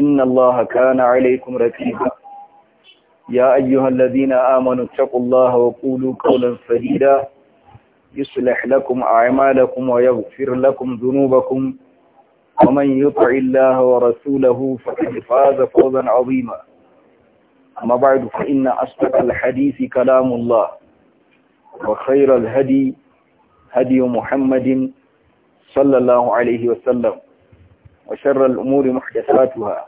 إن الله كان عليكم ركيبا يا أيها الذين آمنوا اتقوا الله وقولوا قولا سديدا يصلح لكم أعمالكم ويغفر لكم ذنوبكم ومن يطع الله ورسوله فقد فاز فوزا عظيما أما بعد فإن أصدق الحديث كلام الله وخير الهدي هدي محمد صلى الله عليه وسلم وشر الأمور محدثاتها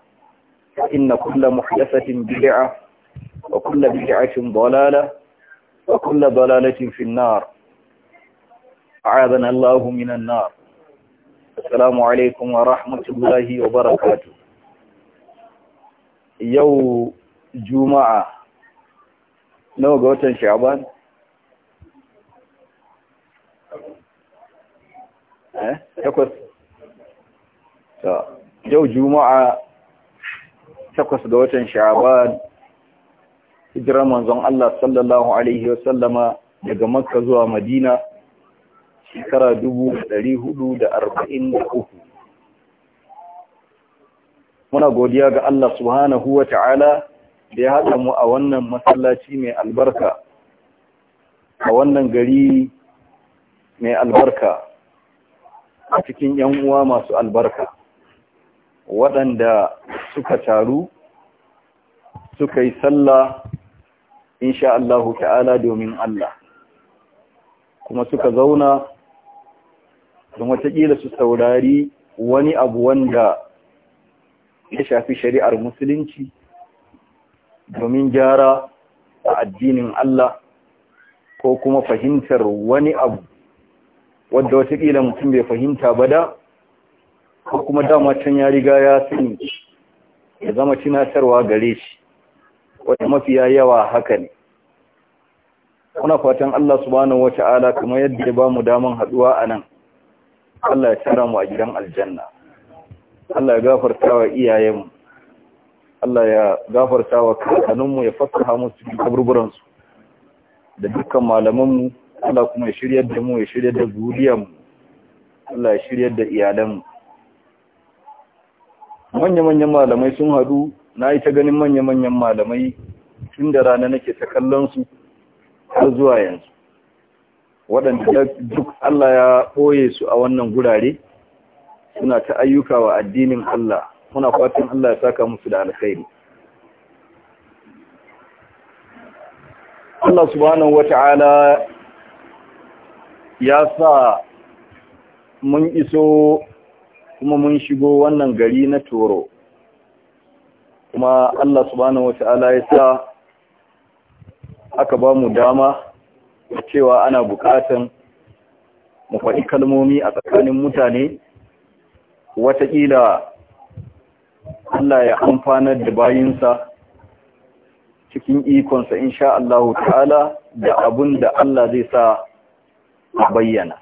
فإن كل محدثة بدعة وكل بدعة ضلالة وكل ضلالة في النار أعاذنا الله من النار السلام عليكم ورحمة الله وبركاته يو جمعة نو قوتا شعبان ها يوم جمعة takwas ga watan sha'aban hijirar manzon Allah sallallahu alaihi wasallama daga makka zuwa madina shekara dubu da arba'in uku. muna godiya ga Allah subhanahu wa ta'ala da ya haɗa mu a wannan masallaci mai albarka a wannan gari mai albarka a cikin ‘yan uwa masu albarka waɗanda suka taru suka yi sallah insha Allahu ta'ala domin Allah kuma suka zauna don watakila su saurari wani abu wanda ya shafi shari'ar musulunci domin gyara a addinin Allah ko kuma fahimtar wani abu wadda watakila mutum bai fahimta ba da ko kuma dama can ya riga ya sani ya zama tunatarwa gare shi wata mafiya yawa haka ne kuna fatan Allah subhanahu wata'ala kuma yadda ya ba mu daman haduwa a nan Allah ya tara mu a gidan aljanna Allah ya gafarta wa iyayenmu Allah ya gafarta wa mu ya fasaha musu kaburburan kaburburansu da dukkan malamanmu Allah kuma ya shiryar da mu ya shiryar da mu Allah ya shiryar da iyalanmu manya-manyan malamai sun hadu na yi ta ganin manya-manyan malamai tun da rana nake ta kallonsu har zuwa yanzu waɗanda duk Allah ya ɓoye su a wannan gurare suna ta ayyuka wa addinin Allah muna fatan Allah ya saka musu da alkhairi Allah subhanahu wata'ala ya sa mun iso kuma mun shigo wannan gari na toro kuma Allah subhanahu wata'ala ya sa aka ba mu dama cewa ana bukatan mu faɗi kalmomi a tsakanin mutane wataƙila Allah ya amfanar da bayinsa cikin ikonsa insha Allah ta'ala da abun da Allah zai sa a bayyana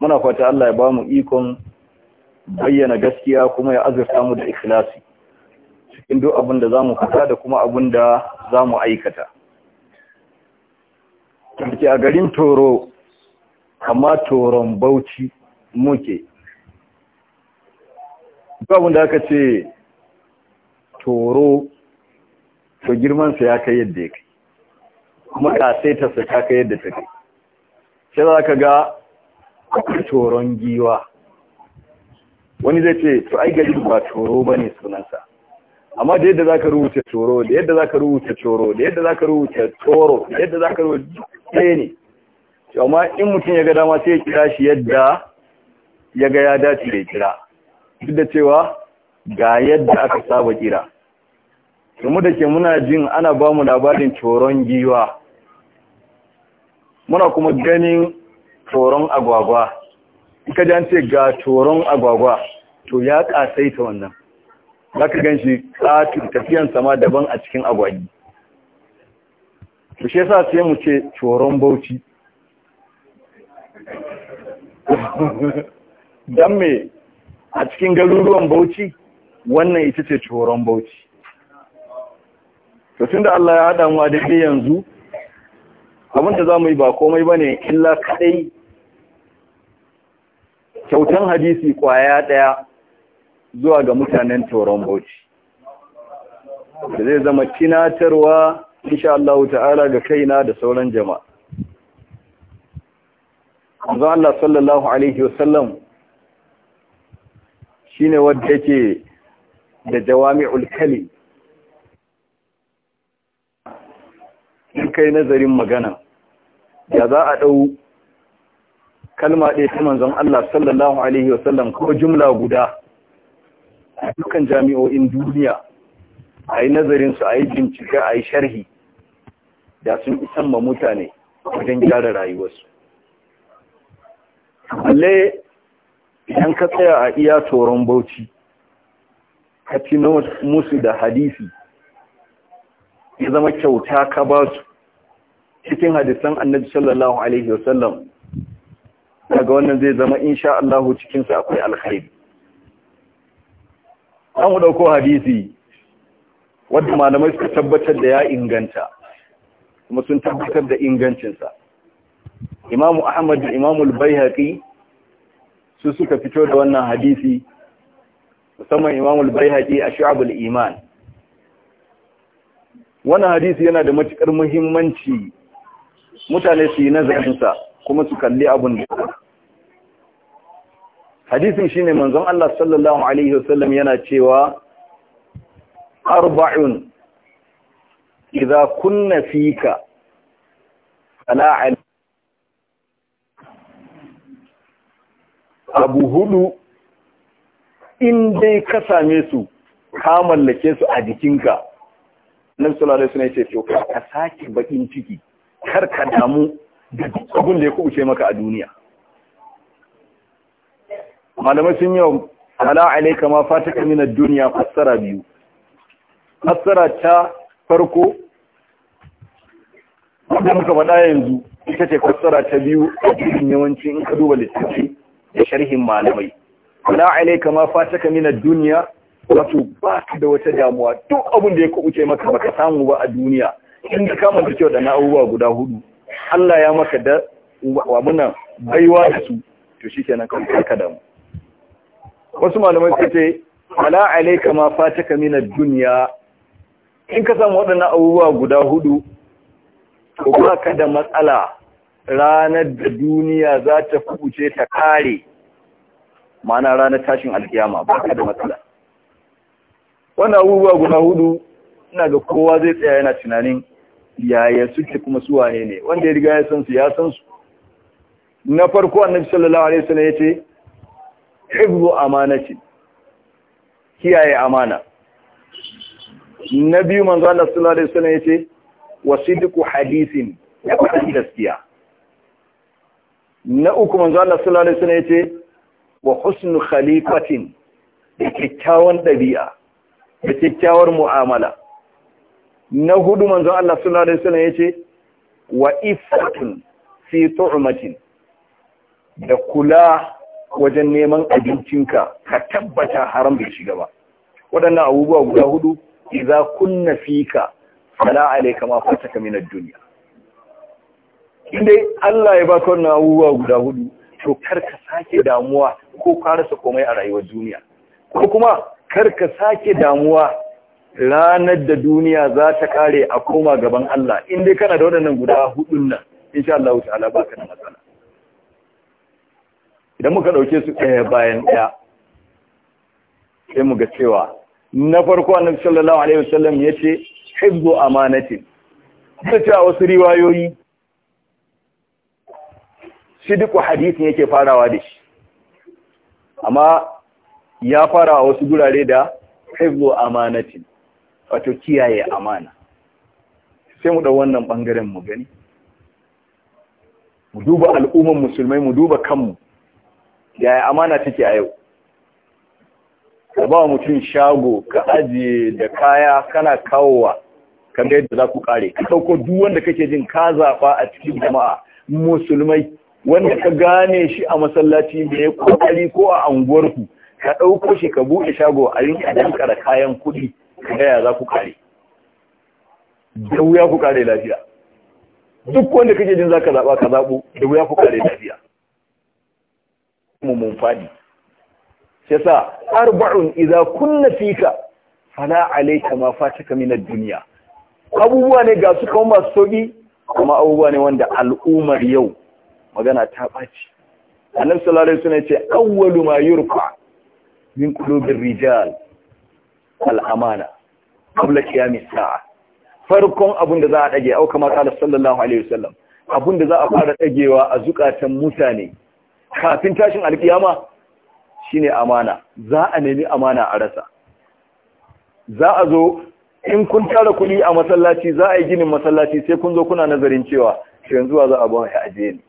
muna fata Allah ya ba mu ikon bayyana gaskiya kuma ya azurta mu da ikhlasi cikin duk abin da zamu fita da kuma abin da zamu aikata Tarki a garin Toro kama Toron Bauchi muke duk abin da aka ce Toro to girmansa ya kai yadda ya kai kuma sai ta kai yadda ta sai za ka ga toron giwa wani zai ce to ai gari ba toro ba ne sunansa amma da yadda za ka rubuta toro da yadda za ka rubuta toro da yadda za ka rubuta toro da yadda za ka rubuta ɗaya ne amma in mutum ya ga dama sai ya kira shi yadda ya ga ya dace da ya kira duk da cewa ga yadda aka saba kira kuma da ke muna jin ana ba mu labarin tsoron giwa muna kuma ganin tsoron agwagwa ka ji an ce ga toron agwagwa to ya ƙasai ta wannan za ka gan shi ƙatun tafiyan sama daban a cikin agwagi to sa sai mu ce toron bauchi don me a cikin garuruwan bauchi wannan ita ce toron bauchi to tun da Allah ya haɗa mu a daidai yanzu abinda za mu yi ba komai ba ne illa kaɗai kyautan hadisi kwaya ɗaya zuwa ga mutanen tauron bauchi da zai zama tinatarwa insha Allah ta'ala ga kaina da sauran jama'a Manzo Allah sallallahu alaihi wasallam ne wanda yake da jawami ulkali in kai nazarin magana da za a ɗau kalma ɗaya ta manzon Allah sallallahu alaihi wasallam ko jumla guda a dukkan jami'o'in duniya a yi nazarinsu a yi bincike a yi sharhi da sun isan ma mutane wajen gyara rayuwarsu alle idan ka tsaya a iya tsoron bauchi ka ci musu da hadisi ya zama kyauta ka ba su cikin hadisan annabi sallallahu alaihi wasallam daga wannan zai zama in sha Allah cikinsa akwai alkhairi an ɗauko hadisi wadda malamai suka tabbatar da ya inganta kuma sun tabbatar da ingancinsa imamu ahmad da imamu bayhaqi su suka fito da wannan hadisi musamman imamu baihaki a shu'abul iman wannan hadisi yana da matukar muhimmanci mutane su yi nazarinsa kuma su kalli abun da hadisin ne manzon Allah sallallahu alaihi wasallam yana cewa arba'un iza kunna fika ala abu hudu in dai ka same su ka mallake su a jikinka nan sulalai suna yi ce ka sake bakin ciki kar ka damu da duk abin da ya kubuce maka a duniya malamai sun wa ala alaika ma fata min duniya fassara biyu fassara ta farko wanda muka faɗa yanzu ita ce fassara ta biyu a cikin yawanci in ka duba littafi da sharhin malamai ala alaika ma fata min duniya, wato ba ka da wata damuwa duk abin da ya kubuce maka baka samu ba a duniya in ka kama da kyau da na abubuwa guda hudu Allah ya maka da wa muna baiwa da su to shi kenan kan ka damu wasu malamai su ce ala alayka ma fataka min ad-dunya in ka samu waɗannan abubuwa guda hudu ko ka da matsala ranar da duniya za ta kuce ta kare ma'ana ranar tashin alkiyama ba ka da matsala wannan abubuwa guda hudu ina ga kowa zai tsaya yana tunanin yaya suke kuma su wane ne wanda ya riga ya san su ya san su na farko annabi sallallahu alaihi wasallam yace hifzu amanati kiyaye amana na biyu manzo Allah sallallahu alaihi wasallam yace wasidqu hadithin ya faɗi gaskiya na uku manzo Allah sallallahu alaihi wasallam yace wa husnu khalifatin da kyakkyawan dabi'a da kyakkyawar mu'amala na hudu manzon Allah sallallahu alaihi wasallam yace wa ifatun fi tu'matin da kula wajen neman abincinka ka tabbata haram bai shiga ba waɗannan abubuwa guda hudu idza kunna fika fala alayka ma fataka min ad-dunya indai Allah ya baka wannan abubuwa guda hudu to karka sake damuwa ko ka rasa komai a rayuwar duniya ko kuma karka sake damuwa ranar da duniya za ta kare a koma gaban Allah inda kana da waɗannan guda hudun nan insha Allah ta'ala ba ka da matsala idan muka dauke su ɗaya bayan ɗaya sai mu ga cewa na farko annabi sallallahu alaihi wasallam yace hibzu amanati da cewa wasu riwayoyi sidiku hadisin yake farawa da shi amma ya fara a wasu gurare da haifu amanatin wato kiyaye amana sai mu da wannan bangaren mu gani mu duba al'umman musulmai mu duba kanmu yaya amana take a yau ka ba mutum shago ka ajiye da kaya kana kawowa ka ga yadda za ku kare ka ɗauko duk wanda kake jin ka zaɓa a cikin jama'a musulmai wanda ka gane shi a masallaci da ya kokari ko a anguwarku ka ɗauko shi ka buɗe shago a rinka da kayan kuɗi kaya za ku kare da wuya ku kare lafiya duk wanda kake jin zaka zaba ka zabo da wuya ku kare lafiya mu mun fadi sai sa arba'un idza kunna fika fala alayka ma fataka min ad-dunya abubuwa ne ga su kuma masu sauki kuma abubuwa ne wanda al'ummar yau magana ta ɓaci annabi sallallahu alaihi wasallam ya ce awwalu ma yurfa min qulubir rijal al'amana qabla kiyami sa'a farkon abin da za a ɗage au kamar qala sallallahu alaihi wasallam abin da za a fara ɗagewa a zukatan mutane kafin tashin alkiyama shine amana za a nemi amana a rasa za a zo in kun tara kuɗi a masallaci za a yi ginin masallaci sai kun zo kuna nazarin cewa yanzu za a ba ya aje ne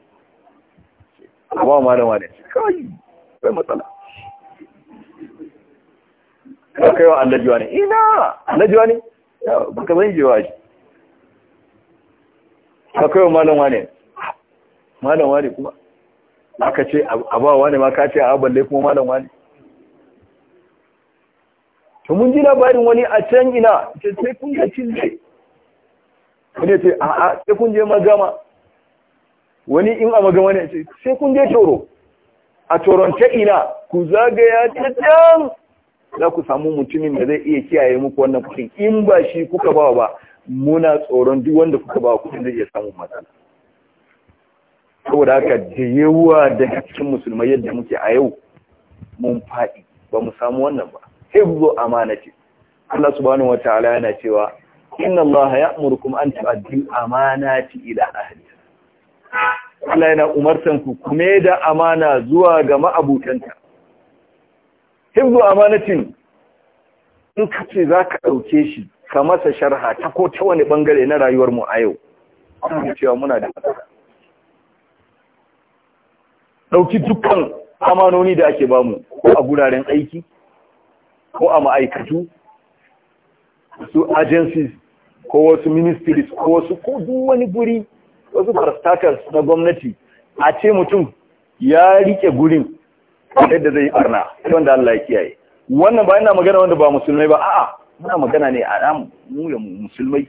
ba malama ne kawai, kai matsala ka kai wa annabi ne ina annabi ne baka ka ji wa shi ka kai wa ne, wani malam kuma aka ce a ne ma ka ce a balle kuma malamwa ne. to mun ji labarin wani a can ina ce sai kun ga cinje wani ce a a sai kun je magama wani in a magama ne ce sai kun je toro a toron ta ina ku zagaya ta can za ku samu mutumin da zai iya kiyaye muku wannan kuɗin in ba shi kuka ba ba muna tsoron duk wanda kuka ba kuɗin zai iya samun matsala saboda haka da yawa daga cikin musulmai yadda muke a yau mun faɗi ba mu samu wannan ba amana ce. Allah subhanahu wa Ta'ala yana cewa inna Allah ya'murukum an tu'addu amanati ila ahliha Allah yana umartan ku kuma da amana zuwa ga ma'abutanta hibdu amanatin in ka ce za ka ɗauke shi ka masa sharha ta ko ta wani ɓangare na rayuwarmu a yau amma cewa muna da ɗauki dukkan amanoni da ake bamu ko a guraren aiki ko a ma'aikatu su agencies ko wasu ministries ko wasu ko wani guri wasu parastatals na gwamnati a ce mutum ya rike gurin yadda zai yi barna sai wanda Allah ya kiyaye wannan ba ina magana wanda ba musulmai ba a'a muna magana ne a mu ya musulmai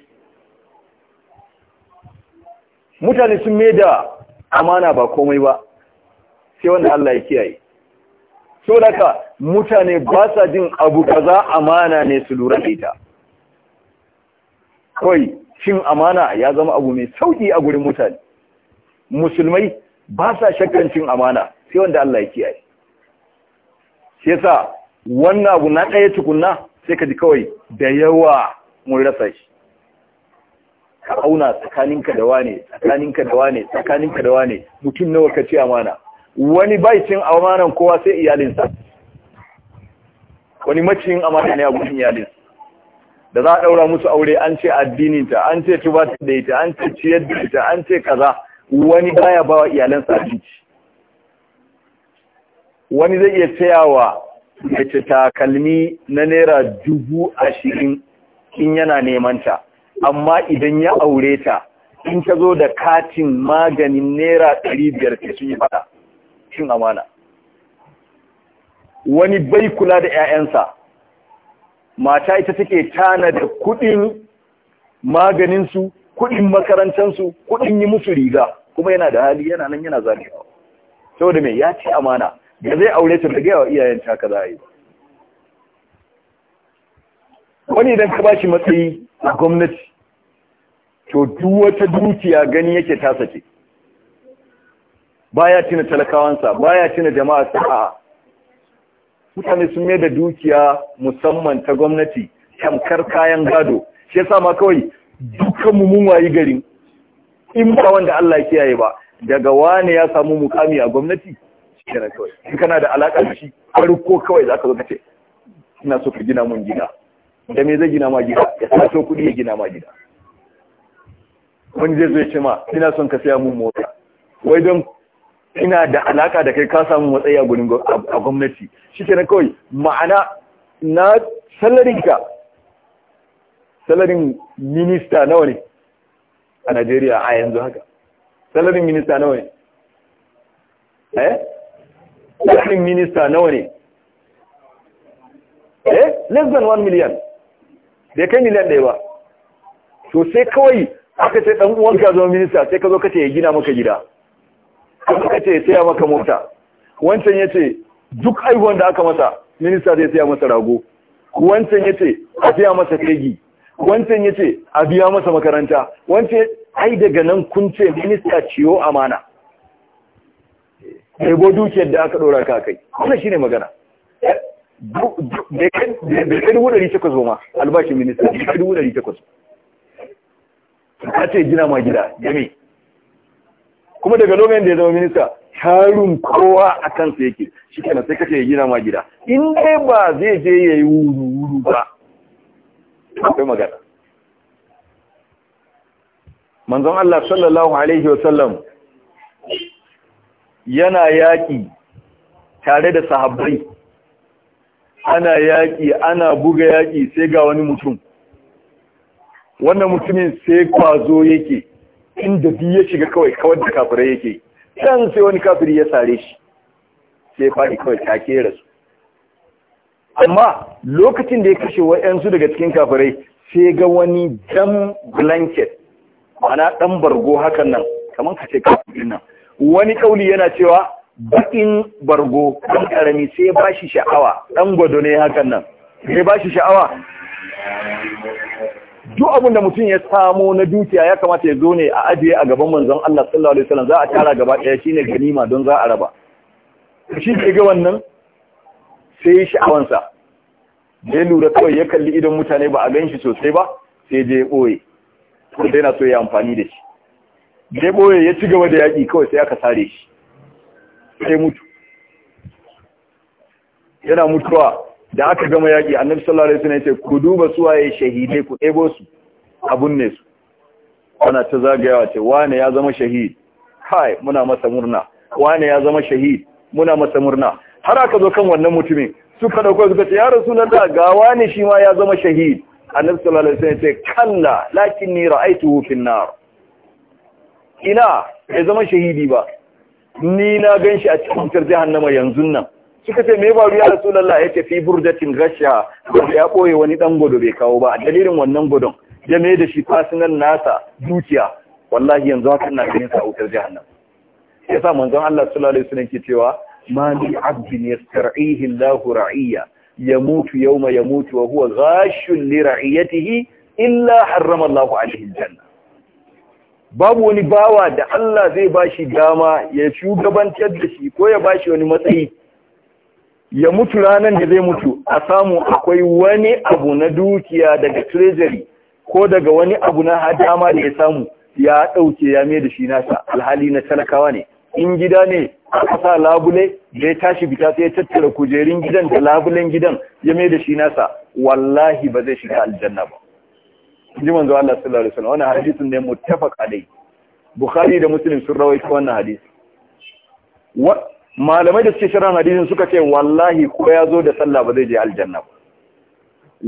mutane sun da amana ba komai ba sai wanda Allah ya kiyaye so daga mutane ba sa jin abu kaza amana ne su lura ita kawai shin amana ya zama abu mai sauki a gurin mutane musulmai ba sa shakkan cin amana sai wanda Allah ya kiyaye shi sa wannan abu na ɗaya tukunna sai ka ji kawai da yawa mun rasa shi ka auna tsakaninka da wane tsakaninka da wane tsakaninka da wane mutum nawa ka ce amana wani bai cin amanan kowa sai iyalinsa wani maciyin amana ne a gudun iyalinsa da za a ɗaura musu aure an ce addininta an ce tubatar da ita an ce ciyar da ita an ce kaza wani baya bawa iyalansa abinci wani zai iya sayawa mace takalmi na naira dubu ashirin in yana neman ta amma idan ya aure ta in ta zo da katin maganin naira ɗari biyar ta sun yi fada shin amana wani bai kula da 'ya'yansa mata ita take tana da kuɗin maganinsu kuɗin makarantansu kuɗin yi musu riga kuma yana da hali yana nan yana Sau saboda mai ya ce amana da zai aure ta daga yawa iyayen ta ka za a yi wani idan ka ba shi matsayi a gwamnati to duk wata dukiya gani yake tasa ce baya cina talakawansa baya cina jama'a sa'a mutane sun mai da dukiya musamman ta gwamnati tamkar kayan gado shi yasa ma kawai dukkan mu wayi garin in ba wanda Allah ya kiyaye ba daga wane ya samu mukami a gwamnati shi kenan kawai in kana da alaka da shi farko kawai zaka zo ka ce ina so ka gina mun gida da me zai gina ma gida ya sato kuɗi ya gina ma gida wani zai zo ya ce ma ina son ka saya mun mota wai don ina da alaka da kai ka samu matsayi a gurin a gwamnati shi kenan kawai ma'ana na salarin ka salarin minista nawa ne a Najeriya a yanzu haka salarin minista nawa ne eh ƙarfin minista nawa ne eh less than one million bai kai miliyan ɗaya ba to sai kawai aka ce ɗan uwanka zama minista sai ka zo kace ya gina maka gida Ka kace ya saya maka mota wancan ya ce duk aihuwan da aka masa minista zai saya masa rago wancan ya ce a saya masa kegi wancan ya ce a biya masa makaranta wancan ai daga nan kun ce minista ciwo amana ɗaibo dukiyar da aka ɗora ka kai wannan shine magana Bekai kai dubu ɗari takwas ba ma albashin minista bai kai dubu ɗari takwas ka ce gina ma gida gami kuma daga lokacin da ya zama minista harin kowa a kansa yake shi kenan sai kace ya gina ma gida in dai ba zai je ya yi wuru-wuru ba akwai magana manzon Allah sallallahu alaihi wa sallam yana yaƙi tare da sahabbai ana yaƙi ana buga yaƙi sai ga wani mutum wannan mutumin sai kwazo yake inda bi ya shiga kawai kawai da kafirai yake can sai wani kafiri ya sare shi sai faɗi kawai take rasu amma lokacin da ya kashe wa'yansu daga cikin kafirai sai ga wani jan blanket ana ɗan bargo hakan nan kamar ka ce kafirin nan wani kauli yana cewa bakin bargo ɗan ƙarami sai ba shi sha'awa ɗan gwado ne hakan nan sai ba shi sha'awa duk abinda mutum ya samo na dukiya ya kamata ya zo ne a ajiye a gaban manzon Allah sallallahu alaihi wasallam za a tara gaba ɗaya shine ganima don za a raba shi ke ga wannan sai sha'awansa da ya lura kawai ya kalli idan mutane ba a gan shi sosai ba sai je ya ɓoye ko dai na so ya amfani da shi da ya boye ya ci gaba da yaƙi kawai sai aka sare shi sai mutu yana mutuwa da aka gama yaƙi annabi sallallahu alaihi wasallam ya ce ku duba suwaye shahide ku ɗebo su abun ne su ana ta zagayawa ce wane ya zama shahid kai muna masa murna wane ya zama shahid muna masa murna har aka zo kan wannan mutumin suka dauko suka ce ya rasulullah ga wane shi ma ya zama shahid annabi sallallahu alaihi wasallam ya ce kalla lakinni ra'aytuhu fin nar ina ya zama shahidi ba ni na gan shi a cikin wutar jahannama yanzu nan suka ce me faru da rasulullah ya ce fi burdatin gasha ya ɓoye wani ɗan godo bai kawo ba a dalilin wannan godon ya mai da shi fasinan nasa dukiya wallahi yanzu haka na ganin sa a wutar Ya sa manzon Allah sallallahu alaihi wasallam ke cewa ma li abdin yastar'ihi lahu ra'iyya ya mutu ma ya mutu wa huwa gashin li ra'iyatihi illa harrama Allahu alaihi janna. babu wani bawa da Allah zai ba shi dama ya shugabantar da shi ko ya ba shi wani matsayi ya mutu ranar da zai mutu a samu akwai wani abu na dukiya daga treasury ko daga wani abu na hadama da ya samu ya ɗauke ya mai da shi nasa alhali na talakawa ne in gida ne a sa labule da ya tashi fita sai ya tattara kujerun gidan da labulen gidan ya mai da shi nasa wallahi ba zai shiga aljanna ba ji manzo Allah sallallahu alaihi wasallam wannan hadisin ne muttafaq alai bukhari da muslim sun rawaito wannan hadisi malamai da suke shirin hadisin suka ce wallahi ko ya zo da sallah ba zai je aljanna ba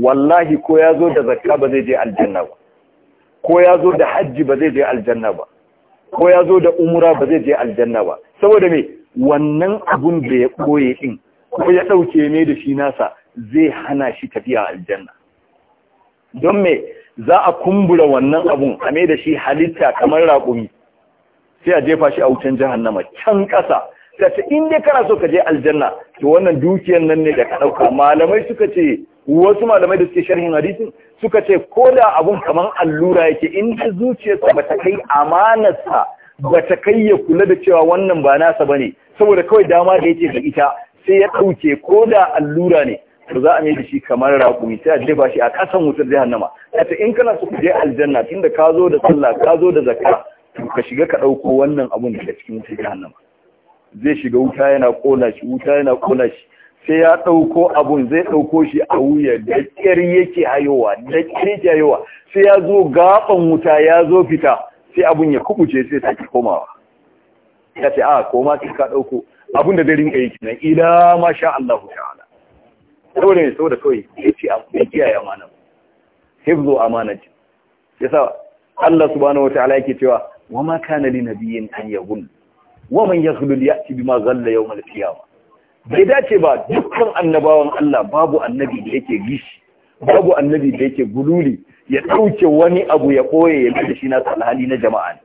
wallahi ko ya zo da zakka ba zai je aljanna ba ko ya zo da hajji ba zai je aljanna ba ko ya zo da umra ba zai je aljanna ba saboda me wannan abun da ya koye din ko ya dauke ne da shi nasa zai hana shi tafiya aljanna don me za a kumbura wannan abun a mai da shi halitta kamar raƙumi sai a jefa shi a wucin jahannama can ƙasa ta ce in dai kana so ka je aljanna to wannan dukiyar nan ne da ka ɗauka malamai suka ce wasu malamai da suke sharhin hadisin suka ce ko da abun kamar allura yake in zuciyarsa ba ta kai amanarsa ba ta kai ya kula da cewa wannan ba nasa ba ne saboda kawai dama da yake da ita sai ya ɗauke ko da allura ne to za a mai da shi kamar raƙumi sai a jefa shi a ƙasan wutar jahannama ta in kana so je aljanna tunda ka zo da sallah ka zo da zakka to ka shiga ka ɗauko wannan abun daga cikin wutar jahannama zai shiga wuta yana ƙona shi wuta yana ƙona shi sai ya ɗauko abun zai ɗauko shi a wuya da ƙyar yake hayowa da ƙyar yake hayowa sai ya zo gaɓan wuta ya zo fita sai abun ya kubuce sai sake komawa ya a ah, koma sai ka ɗauko abun da dare yake yi kenan ila masha Allah ta'ala dole ne saboda kawai ya ce ya kiyaye amana hifzu Ya yasa Allah subhanahu wataala yake cewa wa ma kana li nabiyyin an yaghul wa man yaghlul ya'ti bima ghalla yawm al-qiyamah bai dace ba dukkan annabawan Allah babu annabi da yake gishi babu annabi da yake gululi ya dauke wani abu ya koye ya da shi na alhali na jama'a ne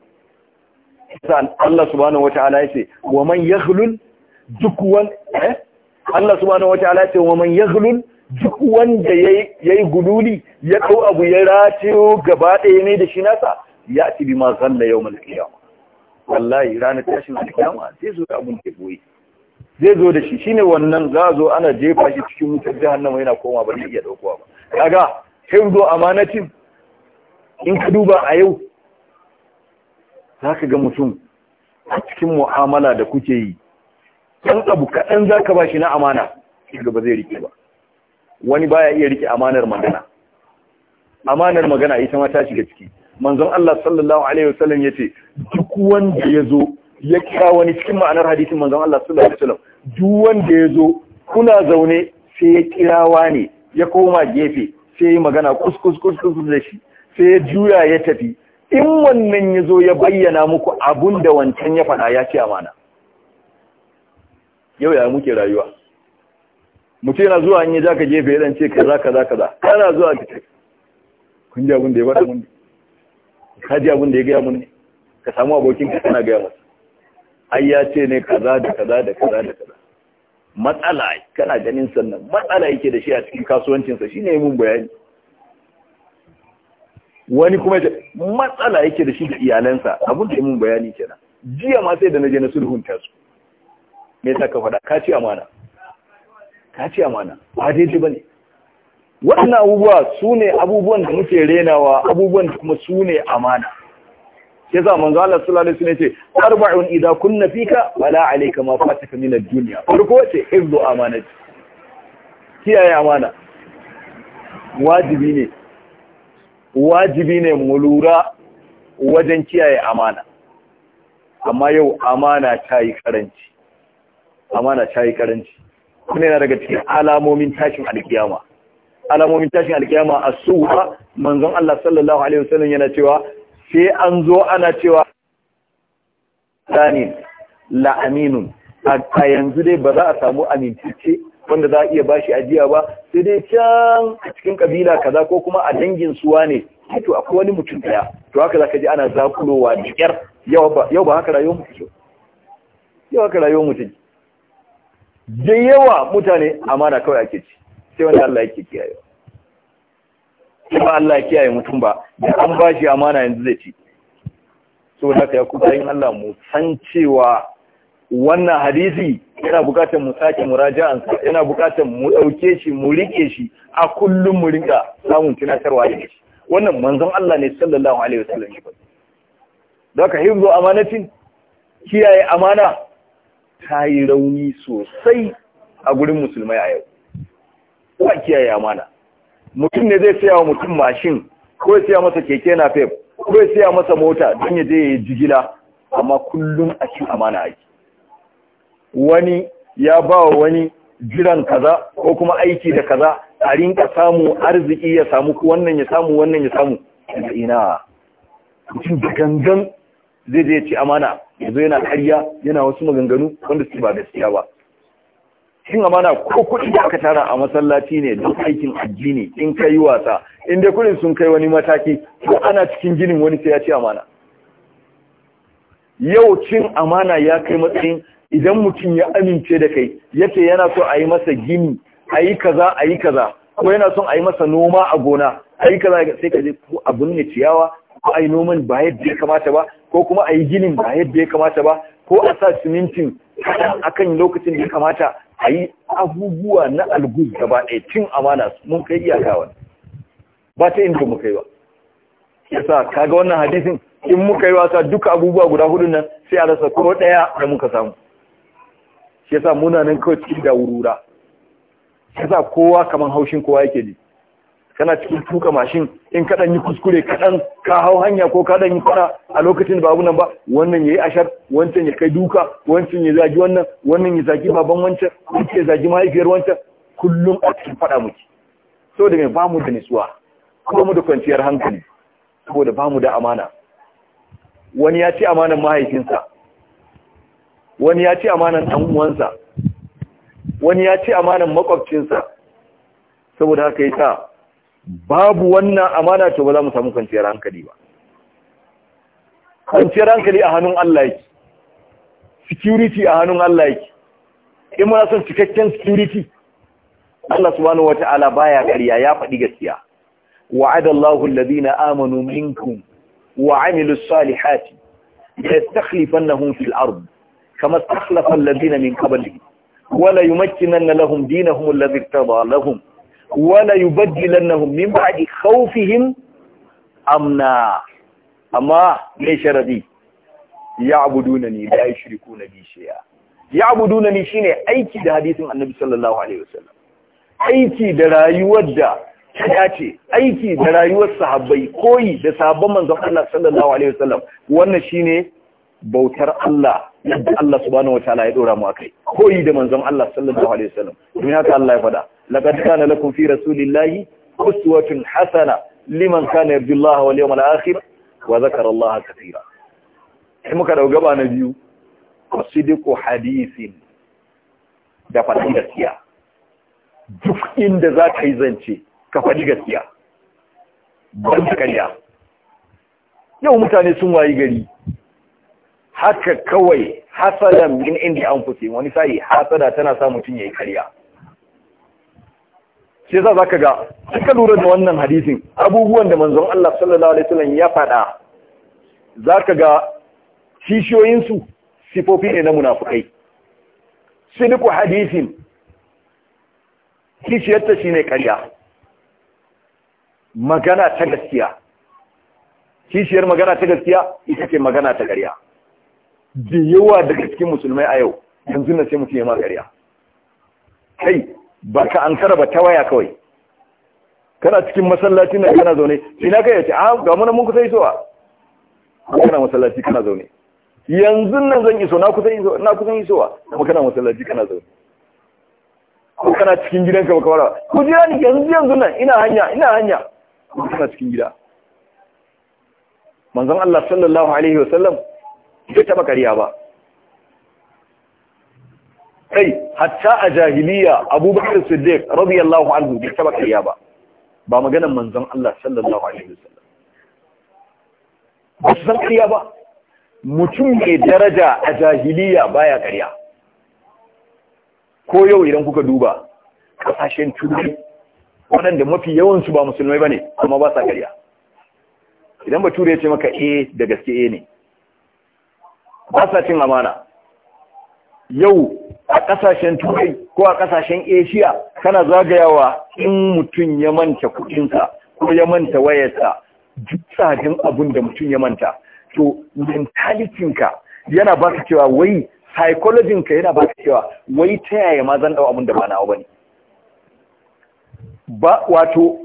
yasa Allah subhanahu wataala yace wa man yaghlul duk wani eh? Allah subhanahu wataala ce wa man yazlul duk wanda yayi gululi ya kau abu ya ratiyo gaba ɗaya ne da shi nasa ya ci bi ma zanna yawmal qiyama wallahi ranar tashin alkiyama sai zo da abun da boye zai zo da shi shine wannan za zo ana jefa shi cikin wutar jahannama yana koma ba zai iya daukowa ba kaga hifzo amanatin in ka duba a yau zaka ga mutum a cikin mu'amala da kuke yi ɗan abu kaɗan za ka ba shi na amana shiga ba zai rike ba wani baya iya rike amanar magana amanar magana ita ma ta shiga ciki manzon Allah sallallahu alaihi wasallam yace duk wanda yazo ya kira wani cikin ma'anar hadisin manzon Allah sallallahu alaihi wasallam duk wanda yazo kuna zaune sai ya kirawa ne ya koma gefe sai magana kuskus kuskus da shi sai juya ya tafi in wannan yazo ya bayyana muku abun da wancan ya faɗa ya ce amana yau ya muke rayuwa mutu yana zuwa an yi za ka gefe yadda ce kaza kaza kaza kana zuwa ka ce kun ji abin da ya bada mun ka ji abin da ya gaya mun ne ka samu abokin ka kana gaya masa ai ya ce ne kaza da kaza da kaza da kaza matsala kana ganin sannan matsala yake da shi a cikin kasuwancinsa shi ne mun bayani wani kuma matsala yake da shi da iyalansa abin da mun bayani kenan jiya ma sai da na je na sulhunta su me yasa ka faɗa ka ci amana ka ci amana ba daidai bane. ne waɗannan abubuwa su ne abubuwan da muke renawa abubuwan da kuma su ne amana ya za manzo Allah sallallahu alaihi wasallam ce arba'un idza kunna fika wala alayka ma fataka min ad-dunya farko ce hifzu amanati kiyaye amana wajibi ne wajibi ne mu lura wajen kiyaye amana amma yau amana ta yi karanci amana ta yi karanci kuma yana daga cikin alamomin tashin alkiyama alamomin tashin alkiyama a suwa manzon Allah sallallahu alaihi wasallam yana cewa sai an zo ana cewa dani la aminun a yanzu dai ba za a samu amintacce wanda za a iya bashi ajiya ba sai dai can a cikin kabila kaza ko kuma a dangin suwa ne to akwai wani mutum daya to haka zaka ji ana zakulowa da yau ba haka rayuwar mutum yau haka rayuwar mutum da yawa mutane amana kawai ake ci sai wanda Allah yake kiyaye ba Allah ya kiyaye mutum ba da an bashi amana yanzu zai ci so haka ya kuka yin Allah mu san cewa wannan hadisi yana bukatar mu sake muraja'ansa yana bukatar mu dauke shi mu rike shi a kullum mu rinka samun tunatarwa da shi wannan manzon Allah ne sallallahu alaihi wasallam ya da ka hibzu amanatin kiyaye amana ta yi rauni sosai a gurin musulmai a yau Kuma kiyaye amana mutum ne zai siya wa mutum mashin ko ya siya masa keke na fef ko ya saya masa mota don ya je ya jigila amma kullum a cin amana ake wani ya ba wa wani jiran kaza ko kuma aiki da kaza a rinka samu arziki ya samu wannan ya samu wannan ya samu ina mutum da gangan zai je ya ci amana yanzu yana karya yana wasu maganganu wanda su ba gaskiya ba cin amana ko kuɗi da aka tara a masallaci ne don aikin addini in kai wasa in dai kuɗin sun kai wani mataki ko ana cikin ginin wani sai ya ci amana yau cin amana ya kai matsayin idan mutum ya amince da kai yace yana so a yi masa gini a yi kaza a yi kaza ko yana son a yi masa noma a gona a yi kaza sai ka je ko abin ne ciyawa ko a yi noman ba yadda ya kamata ba ko kuma a yi ginin ba yadda ya kamata ba ko a sa simintin kaɗan akan lokacin da ya kamata a yi abubuwa na algus gaba ɗaya cin amana mun kai wani ba ta inda kai ba yasa kaga wannan hadisin in muka yi wasa duka abubuwa guda hudu nan sai a rasa ko ɗaya da muka samu yasa muna nan kawai cikin da wurura yasa kowa kamar haushin kowa yake ne kana cikin tuka mashin in ka yi kuskure kaɗan ka hau hanya ko ka yi fara a lokacin da babu nan ba wannan ya yi ashar wancan ya kai duka wancan ya zagi wannan wannan ya zagi baban wancan wancan ya zagi mahaifiyar wancan kullum a cikin fada muke saboda mai bamu da nisuwa kuma mu da kwanciyar hankali saboda bamu da amana wani ya ci amanan mahaifinsa wani ya ci amanan ɗan uwansa wani ya ci amanan makwabcinsa saboda haka ya sa. babu wannan amana to ba za mu samu kwanciyar hankali ba kwanciyar hankali a hannun Allah yake security a hannun Allah yake in muna son cikakken security Allah subhanahu wa wata'ala baya ƙarya ya faɗi gaskiya wa'adallahu alladhina amanu minkum wa 'amilus salihati yastakhlifannahum fil ard kama istakhlafa alladhina min qablihim wa la yumakkinanna lahum dinahum alladhi ba lahum wala yubaddilannahum min a khawfihim amna amma mai sharadi ya'budunani la yushrikuna bi shay'a ya'budunani shine aiki da hadisin annabi sallallahu alaihi wasallam aiki da rayuwar da ta dace aiki da rayuwar sahabbai koyi da sahabban manzon Allah sallallahu alaihi wasallam wannan shine bautar Allah yadda Allah subhanahu wataala ya dora mu akai koyi da manzon Allah sallallahu alaihi wasallam domin haka Allah ya faɗa laqad kana lakum fi rasulillahi uswatun Hassana, liman kana yarjullaha wal yawmal akhir wa zakara Allah katira sai muka dau gaba na biyu asidiku hadisin da faɗi duk inda za ka yi zance ka faɗi gaskiya ban ta karya yau mutane sun wayi gari haka kawai hasadan min inda an fusi wani sai hasada tana sa mutum ya yi karya shi yasa ka ga ka lura da wannan hadisin abubuwan da manzon Allah sallallahu alaihi wasallam ya faɗa ka ga kishiyoyin sifofi ne na munafukai sidiku hadisin kishiyarta ne karya. magana ta gaskiya kishiyar magana ta gaskiya ita ce magana ta ƙarya da yawa daga cikin musulmai a yau yanzu na ce mutum ya ma ƙarya kai ba ka an ba ta waya kawai kana cikin masallaci na kana zaune ina kai ya ce a ah, ga mana mun kusa isowa kana masallaci kana zaune yanzu nan zan iso na kusa iso na kusa isowa kuma kana masallaci kana zaune ko kana cikin gidanka ba wara ku jira ni yanzu yanzu nan ina hanya ina hanya kana cikin gida manzon Allah sallallahu alaihi wasallam bai taba kariya ba kai hatta a jahiliya abubakar siddiq radiyallahu anhu bai taba kariya ba ba maganar manzon Allah sallallahu alaihi wasallam ba san kariya ba mutum mai daraja a jahiliya baya kariya ko yau idan kuka duba kasashen turai waɗanda mafi yawansu ba musulmai ba ne amma ba sa kariya idan bature ya ce maka eh da gaske eh ne ba sa cin amana yau a kasashen turai ko a kasashen asia kana zagayawa in mutum ya manta kudinsa ko ya manta wayarsa duk tsadin abin da mutum ya manta to mentalitinka yana ba ka cewa wai psychologinka yana ba ka cewa wai ta yaya ma zan dau abin da ba nawa ba wato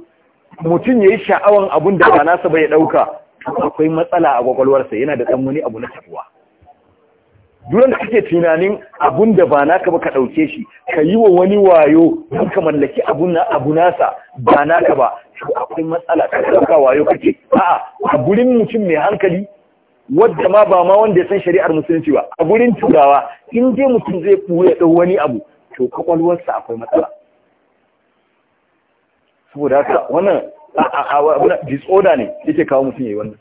mutum ya yi sha'awan abin da ba nasa ba ya dauka akwai matsala a kwakwalwarsa yana da dan abu na tafiwa duran da kake tunanin abun da ba naka ba ka ɗauke shi ka yi wa wani wayo don ka mallaki abu nasa ba naka ba to akwai matsala ka ɗauka wayo kake a'a a gurin mutum mai hankali wadda ma ba ma wanda ya san shari'ar musulunci ba a gurin turawa in dai mutum zai ɓuya ɗau wani abu to kwakwalwarsa akwai matsala saboda haka wannan a disorder ne yake kawo mutum ya yi wannan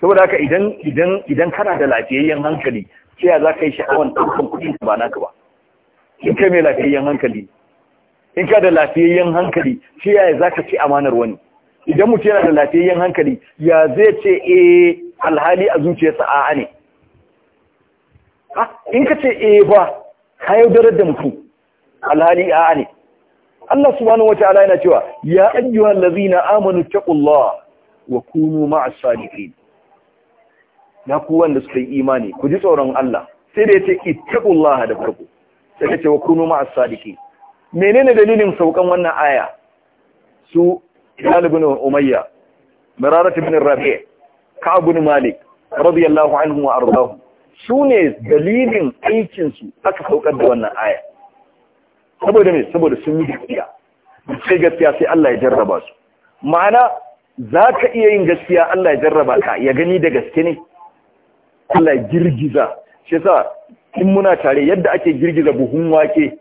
saboda haka idan idan idan kana da lafiyayyen hankali sai ya zaka yi sha'awan ɗaukan kuɗin ba naka ba in kai mai lafiyayyen hankali in ka da lafiyayyen hankali sai ya zaka ci amanar wani idan mutum yana da lafiyayyen hankali ya zai ce eh alhali a zuciyarsa a'a ne in ka ce eh ba ka yaudarar da mutum alhali a'a ne Allah subhanahu wataala yana cewa ya ayyuhal ladzina amanu taqullaha wa kunu ma'as sadiqin Na ku wanda suka yi imani ku ji tsoron Allah sai da ce ittaqullah da farko sai ce wa kunu as sadiqi menene dalilin saukan wannan aya su Hilal ibn Umayya Mirarat ibn Rabi' Ka'b ibn Malik radiyallahu anhu wa ardahu su ne dalilin aikinsu aka saukar da wannan aya saboda me saboda sun yi gaskiya sai gaskiya sai Allah ya jarraba su ma'ana za ka iya yin gaskiya Allah ya jarraba ka ya gani da gaske ne Allah girgiza shi yasa in muna tare yadda ake girgiza buhun wake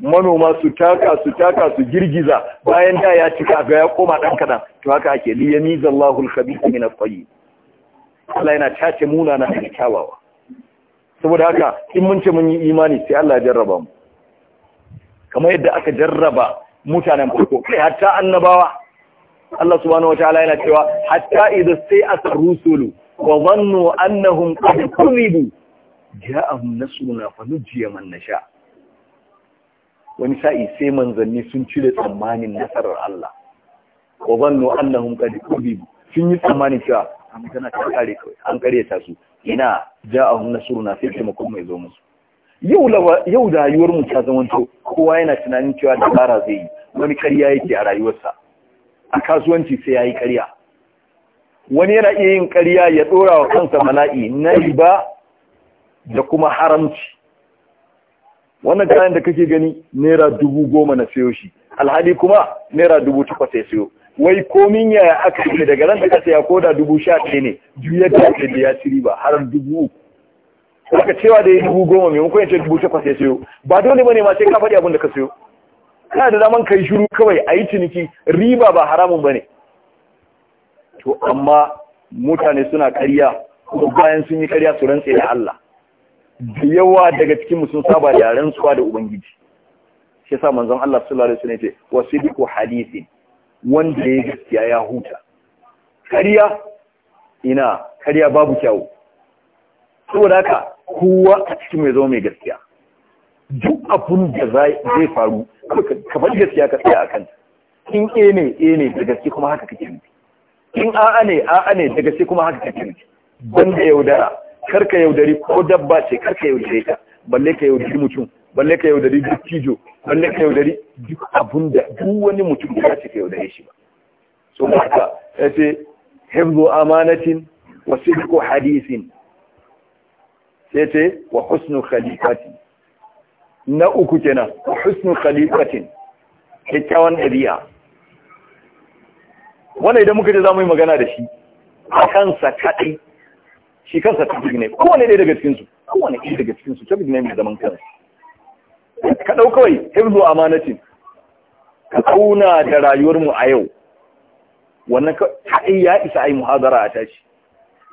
manoma su taka su taka su girgiza bayan da ya cika ga ya koma dan kadan to haka ake li yamizallahu al-khabitha min at-tayyib Allah yana tace muna na kyawawa saboda haka in mun ce mun yi imani sai Allah ya jarraba mu kamar yadda aka jarraba mutanen farko kai hatta annabawa Allah subhanahu wataala yana cewa hatta idza asar rusulu wa zannu annahum qad kuzibu ja'ahum nasruna fa nujiya man nasha wani sa'i sai manzanni sun cire tsammanin nasarar Allah wa zannu annahum qad kuzibu sun yi tsammanin cewa an gana ta kare kai an kare ta su ina ja'ahum nasruna sai kuma mai yazo musu yau yau da rayuwar mu ta to kowa yana tunanin cewa dabara zai yi wani kariya yake a rayuwarsa a kasuwanci sai yayi kariya wani yana iya yin ƙarya ya ɗora wa kansa mana'i na riba da kuma haramci wannan kayan da kake gani naira dubu goma na sayo shi alhali kuma naira dubu takwas ya sayo wai komin yaya aka yi daga ran da ka saya ko da dubu sha ɗaya ne juya ta ce da ya ci riba har dubu uku aka cewa da ya dubu goma mai, ya ce dubu takwas ya sayo ba dole ba ne ma sai ka faɗi abin da ka sayo kana da daman kai shiru kawai a yi ciniki riba ba haramun ba ne to amma mutane suna ƙarya ko bayan sun yi ƙarya su rantse da Allah da yawa daga cikin mu sun saba da yaren rantsuwa da ubangiji shi yasa manzon Allah sallallahu alaihi wasallam ya ce wasidiku hadithin wanda ya gaskiya ya huta ƙarya ina ƙarya babu kyau saboda haka kowa a cikin mai zama mai gaskiya duk abun da zai faru ka bar gaskiya ka tsaya a kan in ene ne da gaske kuma haka kake yi in a'a ne a'a ne daga sai kuma haka kake banda yaudara karka yaudari ko dabba ce karka yaudare ka balle ka yaudari mutum balle ka yaudari duk kijo balle ka yaudari duk abun da duk wani mutum ya ce ka yaudare shi ba so haka ce hifzu amanatin wa sidqu hadisin sai ce wa husnu khalifati na uku kenan husnu Khalifatin. kyakkyawan ɗabi'a wannan idan muka je za mu yi magana da shi a kansa kaɗai shi kansa topic ne kowane ɗaya daga cikinsu kowane ɗaya daga cikinsu ta ne mai zaman kansu. ka ɗau kawai a amanatin ka kauna da rayuwarmu a yau wannan kaɗai ya isa a yi muhazara a tashi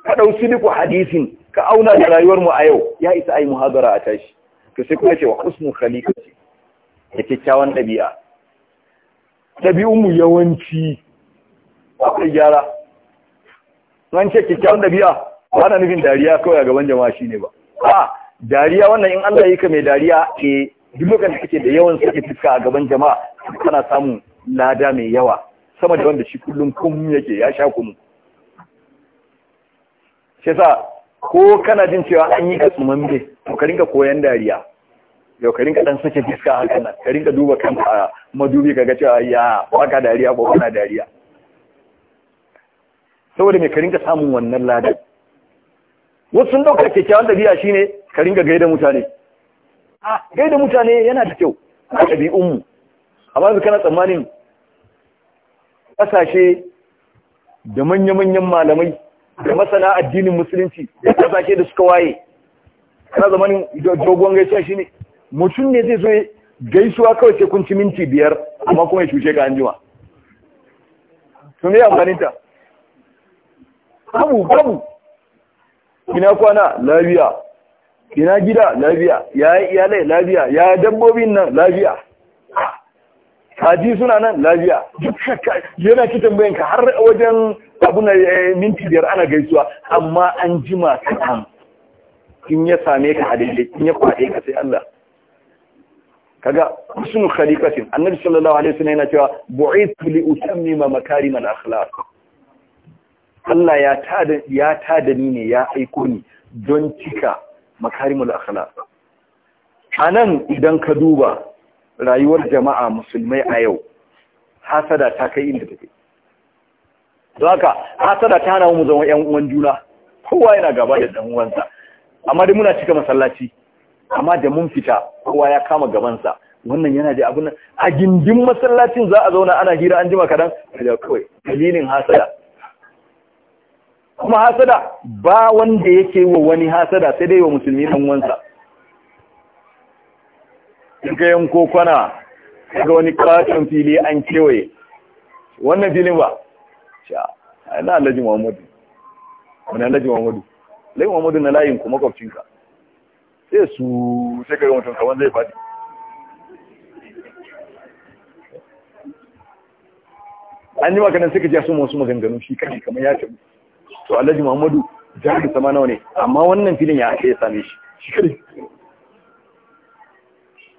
ka ɗau sidiku hadisin ka auna da rayuwarmu a yau ya isa a yi muhazara a tashi ka sai kuma ce wa husnu ce. da kyakkyawan ɗabi'a ɗabi'unmu yawanci akwai gyara Wani ce kyakkyawan dabi'a ba na nufin dariya kawai a gaban jama'a shi ne ba a dariya wannan in Allah yi ka mai dariya ke eh, duk da kake da yawan suke fuska a gaban jama'a kana samun lada mai yawa sama da wanda shi kullum kun yake ya sha kunu shi sa ko kana jin cewa an yi ka ne? to ka rinka koyan dariya yau ka rinka dan sake a haka nan ka rinka duba kanka madubi ka ga cewa ya baka dariya ko kana dariya saboda mai karinka samun wannan ladan wasu sun ɗauka kyakkyawan ɗabi'a shine karinka gaida mutane a gaida mutane yana da kyau a ɗabi'unmu ba su kana tsammanin ƙasashe da manya-manyan malamai da masana addinin musulunci da ƙasashe da suka waye kana zamanin dogon gaisuwa shine mutum ne zai zo gaisuwa kawai sai kun ci minti biyar amma kuma ya cuce ka anjima to me amfaninta babu babu kina kwana lafiya Kina gida lafiya ya yi iyalai lafiya ya dabbobin nan lafiya kaji suna nan lafiya yana ki tambayin ka har wajen abu eh, minti biyar ana gaisuwa amma an jima kaɗan Kin ya same ka a daidai ya kwaɗe ka sai Allah kaga husnul khaliqatin annabi sallallahu alaihi wasallam yana cewa bu'ithu li utammima makarimal akhlaq Allah ya ta ya ni ne ya aiko ni don cika makarimul A anan idan ka duba rayuwar jama'a musulmai a yau hasada ta kai inda take don haka hasada ta hana mu zama ƴan uwan juna kowa yana gaba da ɗan uwansa amma dai muna cika masallaci amma da mun fita kowa ya kama gabansa wannan yana da abin a gindin masallacin za a zauna ana hira an jima kadan kawai dalilin hasada kuma hasada ba wanda yake wa wani hasada sai dai wa musulmi dan wansa yin yanko kwana ga wani katon fili an kewaye wannan filin ba sha ina alhaji muhammadu wani alhaji muhammadu alhaji muhammadu na layin kuma kwafcinka sai su sai yi mutum kaman zai faɗi an yi maganin suka ja su masu maganganu shi kai kamar ya ce to alhaji muhammadu jihar sama nawa ne amma wannan filin ya ake ya same shi shi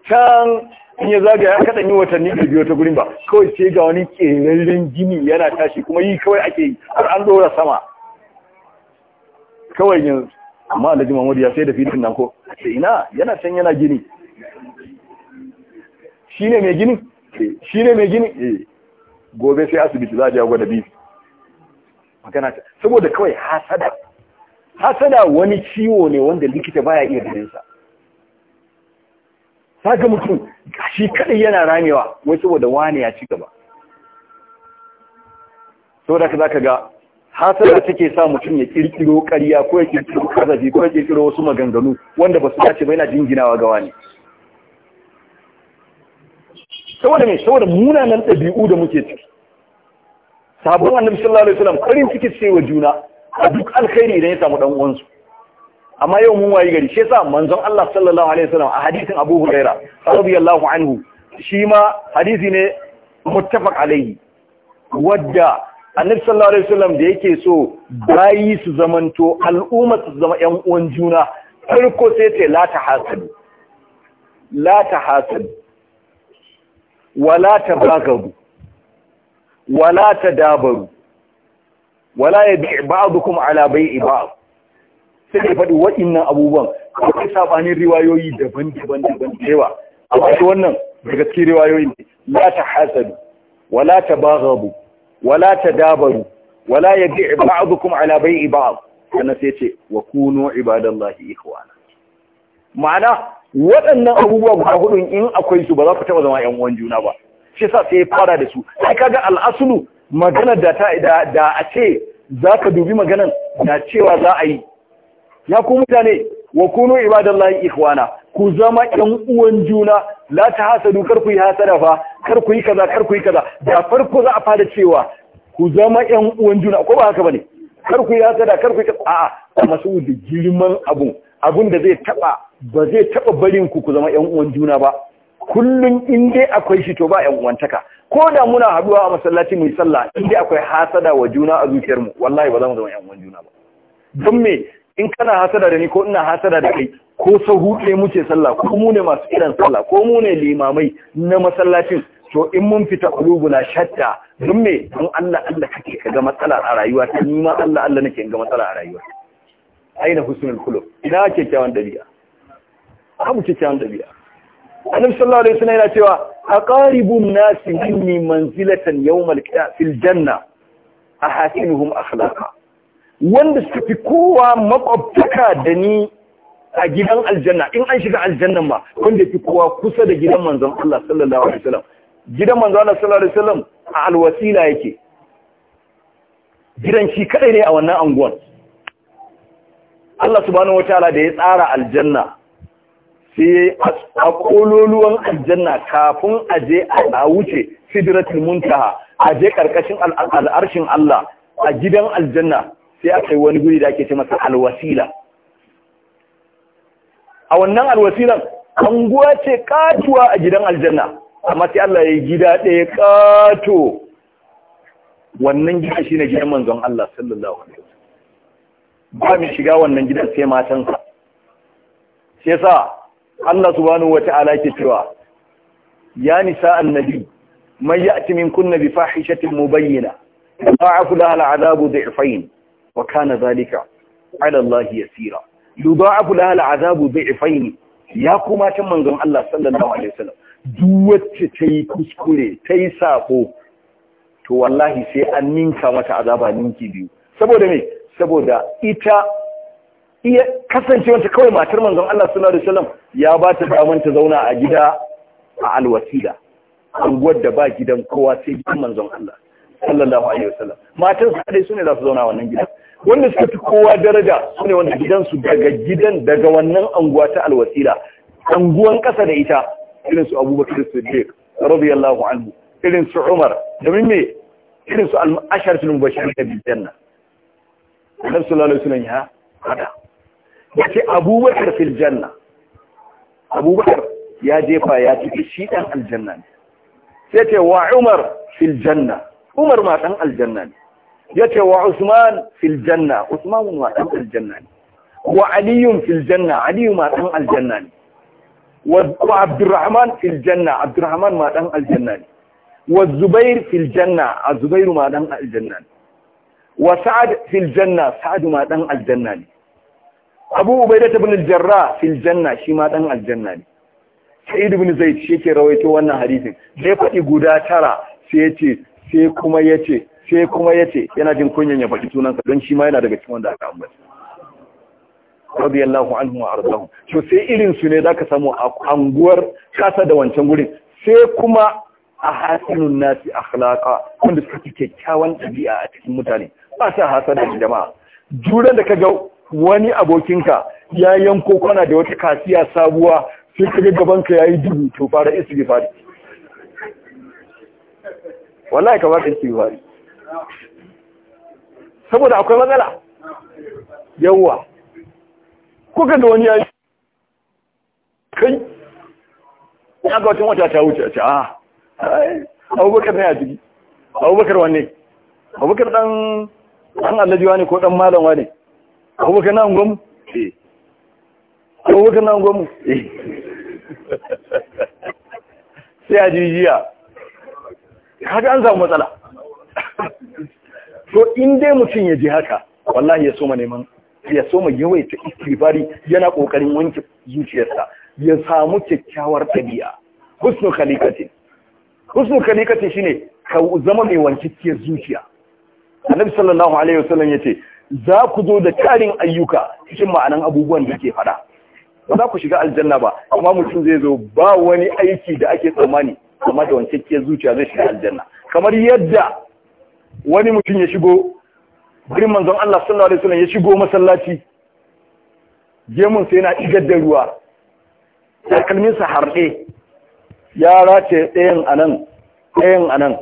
can in ya zaga ya kaɗan yi watanni da biyu ta gurin ba kawai sai ga wani ƙerarren gini yana tashi kuma yi kawai ake yi har an ɗora sama kawai yin amma alhaji muhammadu ya sai da filin nan ko sai ina yana can yana gini shi ne mai gini shi ne mai gini eh. gobe sai asibiti za a a gwada biyu magana ta saboda kawai hasada hasada wani ciwo ne wanda likita baya iya ganin sa saka mutum shi kadai yana ramewa wai saboda wani ya ci gaba saboda ka zaka ga hasada take sa mutum ya kirkiro ƙarya ko ya kirkiro kazafi ko ya kirkiro wasu maganganu wanda ba su dace ba yana jinginawa ga wani saboda ne saboda munanan ɗabi'u da muke ciki sabon annabi sallallahu alaihi wasallam farin ciki ce wa juna a duk alkhairi idan ya samu dan uwansu amma yau mun wayi gari shi yasa manzon Allah sallallahu alaihi wasallam a hadisin Abu Huraira radiyallahu anhu shi ma hadisi ne muttafaq alaihi wadda annabi sallallahu alaihi wasallam da yake so bayi su zamanto al'umma su zama ƴan uwan juna farko sai ce la tahasadu la tahasadu wa la tabagadu wala ta dabaru wala ya yabi' ba'dukum ala bai'i ba'd sai ya faɗi waɗannan abubuwan akwai sabanin riwayoyi daban-daban daban cewa amma shi wannan daga cikin ne la hasadu wala ta tabaghabu wala dabaru wala yabi' ba'dukum ala bai'i ba'd kana sai ce wa kunu ibadallahi ikhwana ma'ana waɗannan abubuwa guda hudun in akwai su ba za ku taɓa zama ƴan uwan juna ba shi sa sai ya fara da su sai kaga al'asulu magana da ta da a ce zaka dubi maganan da cewa za a yi ya ku mutane wa kunu ibadallahi ikhwana ku zama ƴan uwan juna la ta hasadu kar ku yi hasada fa kar ku yi kaza kar ku yi kaza da farko za a fara cewa ku zama ƴan uwan juna ko ba haka bane kar ku yi hasada kar ku yi kaza a'a kuma su da girman abu abun da zai taba ba zai taba barin ku ku zama ƴan uwan juna ba kullum inda akwai shi to ba yan uwantaka ko da muna haduwa a masallaci mu sallah inda akwai hasada wa juna a zuciyar mu wallahi ba za mu zama yan uwan juna ba don me in kana hasada da ni ko ina hasada da kai ko sahu ɗaya muke sallah ko mu ne masu irin sallah ko mu ne limamai na masallacin to in mun fita kulubuna shatta don me don Allah Allah kake ka ga matsala a rayuwa ta ni ma Allah Allah nake ga matsala a rayuwa aina husnul khuluq ina kyawun dabi'a abu kyawun dabi'a annabi sallallahu alaihi wasallam yana cewa aqaribun nasi minni manzilatan yawmal fil janna ahasinuhum akhlaqa wanda suka fi kowa makwabtaka da ni a gidan aljanna in an shiga aljannan ma wanda fi kowa kusa da gidan manzon Allah sallallahu alaihi wasallam gidan manzon Allah sallallahu alaihi wasallam a alwasila yake gidan shi kadai ne a wannan anguwan Allah subhanahu wataala da ya tsara aljanna sai eh, a kololuwan aljanna kafin a je a wuce sidratul muntaha a je karkashin al'arshin Allah a gidan aljanna sai aka yi wani guri da ake ce masa alwasila a wannan alwasilan anguwa ce katuwa a gidan aljanna amma sai Allah ya yi gida ɗaya kato wannan gida shi ne gidan manzon Allah sallallahu alaihi wasallam ba mai shiga wannan gidan sai matansa sai sa Allah subhanahu wata'ala ke cewa ya nisa annabi man ya'ti kunna bi fahishatin mubayyina yudha'afu laha al'adabu dhi'fayn wa kana dhalika 'ala Allah yasira yudha'afu laha al'adabu dhi'fayn ya kuma tan manzon Allah sallallahu alaihi wasallam duk wacce yi kuskure ta yi sako to wallahi sai an ninka mata azaba ninki biyu saboda me saboda ita iya wata kawai matar manzon Allah sallallahu alaihi wasallam ya ba ta daman ta zauna a gida a alwasila anguwar da ba gidan kowa sai gidan manzon Allah sallallahu alaihi wasallam matan su kadai sune za su zauna wannan gidan wanda suka fi kowa daraja sune wanda gidan su daga gidan daga wannan anguwa ta alwasila anguwan kasa da ita irin su Abubakar Siddiq radiyallahu anhu irin su Umar da mimme irin su al-asharatul mubashirin bil janna Annabi sallallahu alaihi wasallam ya hada yace abubakar fil janna abubakar ya jefa ya tafi shi dan aljanna ne sai ce wa umar fil janna umar ma dan aljanna ne yace wa usman fil janna usman ma dan aljanna ne wa ali fil janna ali ma dan aljanna ne wa abdurrahman fil janna abdurrahman ma dan aljanna ne wa zubair fil janna azubairu ma dan aljanna ne wa sa'ad fil janna sa'ad ma dan aljanna ne abu ubaida ibn bin jarra fil janna shi ma dan aljanna ne Sa'idu bin zaid shi ke rawaito wannan hadisin sai faɗi guda tara sai yace sai kuma yace sai kuma yace yana jin kunyan ya faɗi sunansa don shi ma yana daga cikin wanda aka ambata radiyallahu anhu wa ardahu to sai irin su ne zaka samu a anguwar kasa da wancan wurin? sai kuma a hasinun nasi akhlaqa wanda suka fi kyakkyawan ɗabi'a a cikin mutane ba sa hasada jama'a juran da ka ga wani abokinka ya yanko kana da wata kasiya sabuwa sai kaga gabanka gabanka yayi dubu to fara istighfar wallahi ka baka istighfar saboda akwai matsala yawa kuka da wani yayi kai ya ga wata wata ta wuce ce a ah, abubakar ne a jiki abubakar wanne abubakar dan dan alhaji ne ko dan malam ne abubakar na unguwanmu? eh abubakar na eh. sai a jijiya haka an samu matsala so in dai mutum ya ji haka wallahi ya soma neman ya soma yawaita istighfari yana kokarin wanke zuciyarsa ya samu kyakkyawar ɗabi'a husnul khaliqati husnul khaliqati shine ka zama mai wanke zuciya annabi sallallahu alaihi wasallam yace za ku zo da tarin ayyuka cikin ma'anan abubuwan da ke fada ba za ku shiga aljanna ba amma mutum zai zo ba wani aiki da ake tsammani amma da wancakkiyar zuciya zai shiga aljanna kamar yadda wani mutum ya shigo birin manzon Allah sallallahu alaihi wasallam ya shigo masallaci gemun yana igar da ruwa takalmin sa harɗe ya race ɗayan ɗayan anan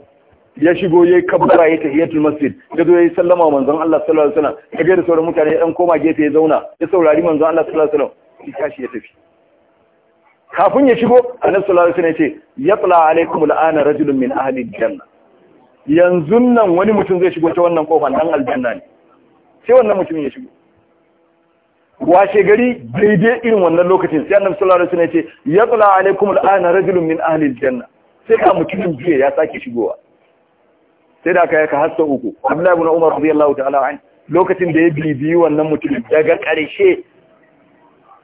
ya shigo ya yi kabbara ya tahiyatul masjid ya zo ya yi sallama wa manzon Allah sallallahu alaihi wasallam ya ga da sauran mutane ya dan koma gefe ya zauna ya saurari manzon Allah sallallahu alaihi wasallam ya tashi ya tafi kafin ya shigo annabi sallallahu alaihi wasallam ya ce yatla alaikum al'ana rajulun min ahli janna yanzu nan wani mutum zai shigo ta wannan kofar dan aljanna ne sai wannan mutumin ya shigo washe gari daidai irin wannan lokacin sai annabi sallallahu alaihi wasallam ya ce yatla alaikum al'ana rajulun min ahli janna sai ka mutumin jiya ya sake shigowa sai da aka yaka hasta uku abdullahi ibn umar radiyallahu ta'ala an lokacin da ya bibi wannan mutumin daga karshe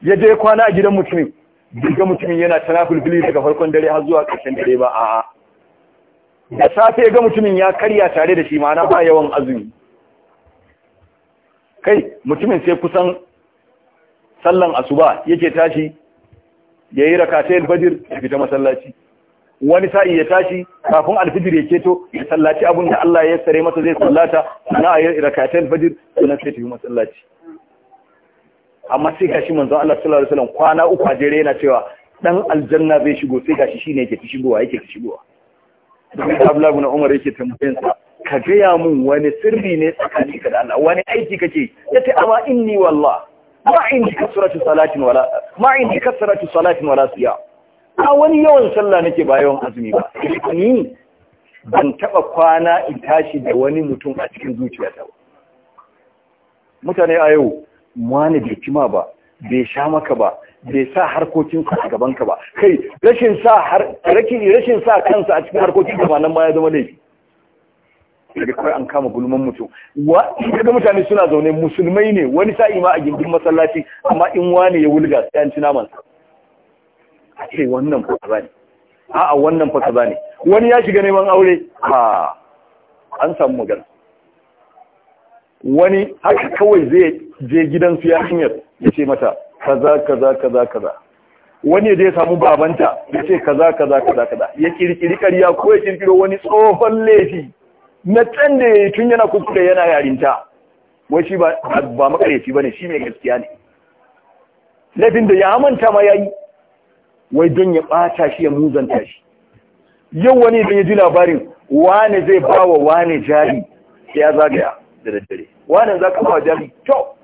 ya je kwana a gidan mutumin daga mutumin yana tanaful fili daga farkon dare har zuwa karshen dare ba a'a da safe ga mutumin ya karya tare da shi ma'ana ba yawan azumi kai mutumin sai kusan sallan asuba yake tashi yayi rakatai al-fajr ya fita masallaci wani sa'i ya tashi kafin alfijir ya keto ya sallaci abin da Allah ya sare masa zai sallata na yi rakatul fajr sunan sai tafi masallaci amma sai gashi manzon Allah sallallahu alaihi wasallam kwana uku a jere yana cewa dan aljanna zai shigo sai gashi shine yake ta shigowa yake ta shigowa domin Abdullah ibn Umar yake tambayan sa ka gaya mun wani sirri ne tsakani ka da Allah wani aiki kake yace amma inni wallah ma indi kasratu salatin wala ma indi kasratu salatin wala siyam a wani yawan sallah nake ba yawan azumi ba ni ban taba kwana in tashi da wani mutum a cikin zuciyata ba mutane a yau wani bai kima ba bai sha maka ba bai sa harkokin ka a gaban ka ba kai rashin sa har rashin sa kansa a cikin harkokin ka ba nan ba ya zama laifi daga kawai an kama gulman mutum wa daga mutane suna zaune musulmai ne wani sa'i ma a gindin masallaci amma in wani ya wulga sai an ci naman sa ake wannan ba ne a'a wannan fa kaza ne wani ya shiga neman aure ha an samu magana wani haka kawai zai je gidan su yarinyar ya ce mata kaza kaza kaza kaza wani ya je samu babanta ya ce kaza kaza kaza kaza ya kirkiri ƙarya ko ya kirkiro wani tsohon laifi na can da yi tun yana kuskure yana yarinta wai shi ba ba ne shi mai gaskiya ne laifin da ya manta ma ya yi. wai don ya ɓata shi ya muzanta shi yau wani da ya ji labarin wane zai ba wa wane jari ya zagaya da daddare wane za ka ba jari kyau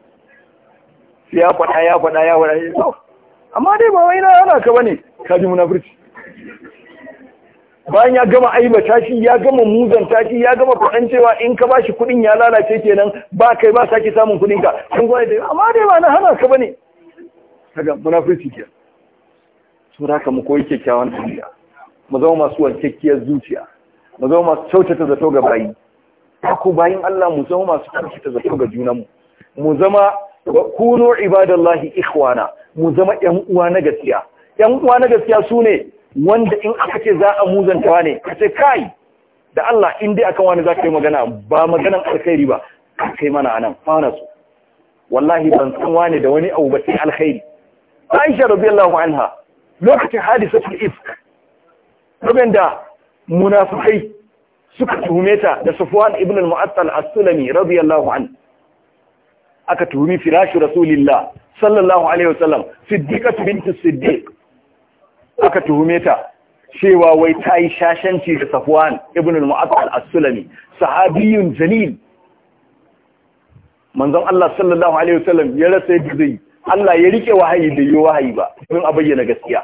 sai ya faɗa ya faɗa ya faɗa ya kyau amma dai ba wai na yana ka bane ka ji munafurci bayan ya gama aibata shi ya gama muzanta shi ya gama faɗan cewa in ka bashi kuɗin ya lalace kenan ba kai ba sake samun kuɗinka. sun kan gwai da amma dai ba na hana ka bane kaga munafurci kenan sura ka mu koyi kyakkyawan ɗabi'a mu zama masu wankakkiyar zuciya mu zama masu kyautata zato ga bayi ku bayin Allah mu zama masu kyautata zato ga junanmu mu zama kuno ibadallahi ikhwana mu zama 'yan uwa na gaskiya 'Yan uwa na gaskiya ne wanda in aka ce za a muzanta muzantawa ne ka ce kai da Allah in dai akan wani za ka yi magana ba maganan alkhairi ba ka kai mana anan su wallahi ban san wani da wani abu ba sai alkhairi Aisha radiyallahu anha lokacin hadisatul ifk lokacin da munafikai suka tuhume ta da Sufwan ibn al-Mu'attal as-Sulami radiyallahu an aka tuhumi firashu Rasulillah sallallahu alaihi wasallam Siddiqatu bint Siddiq aka tuhume ta cewa wai ta yi shashanci da Safwan ibn al-Mu'attal as-Sulami sahabiyun jalil manzon Allah sallallahu alaihi wasallam ya rasa yadda zai Allah ya rike wahayi da yi wahayi ba don a bayyana gaskiya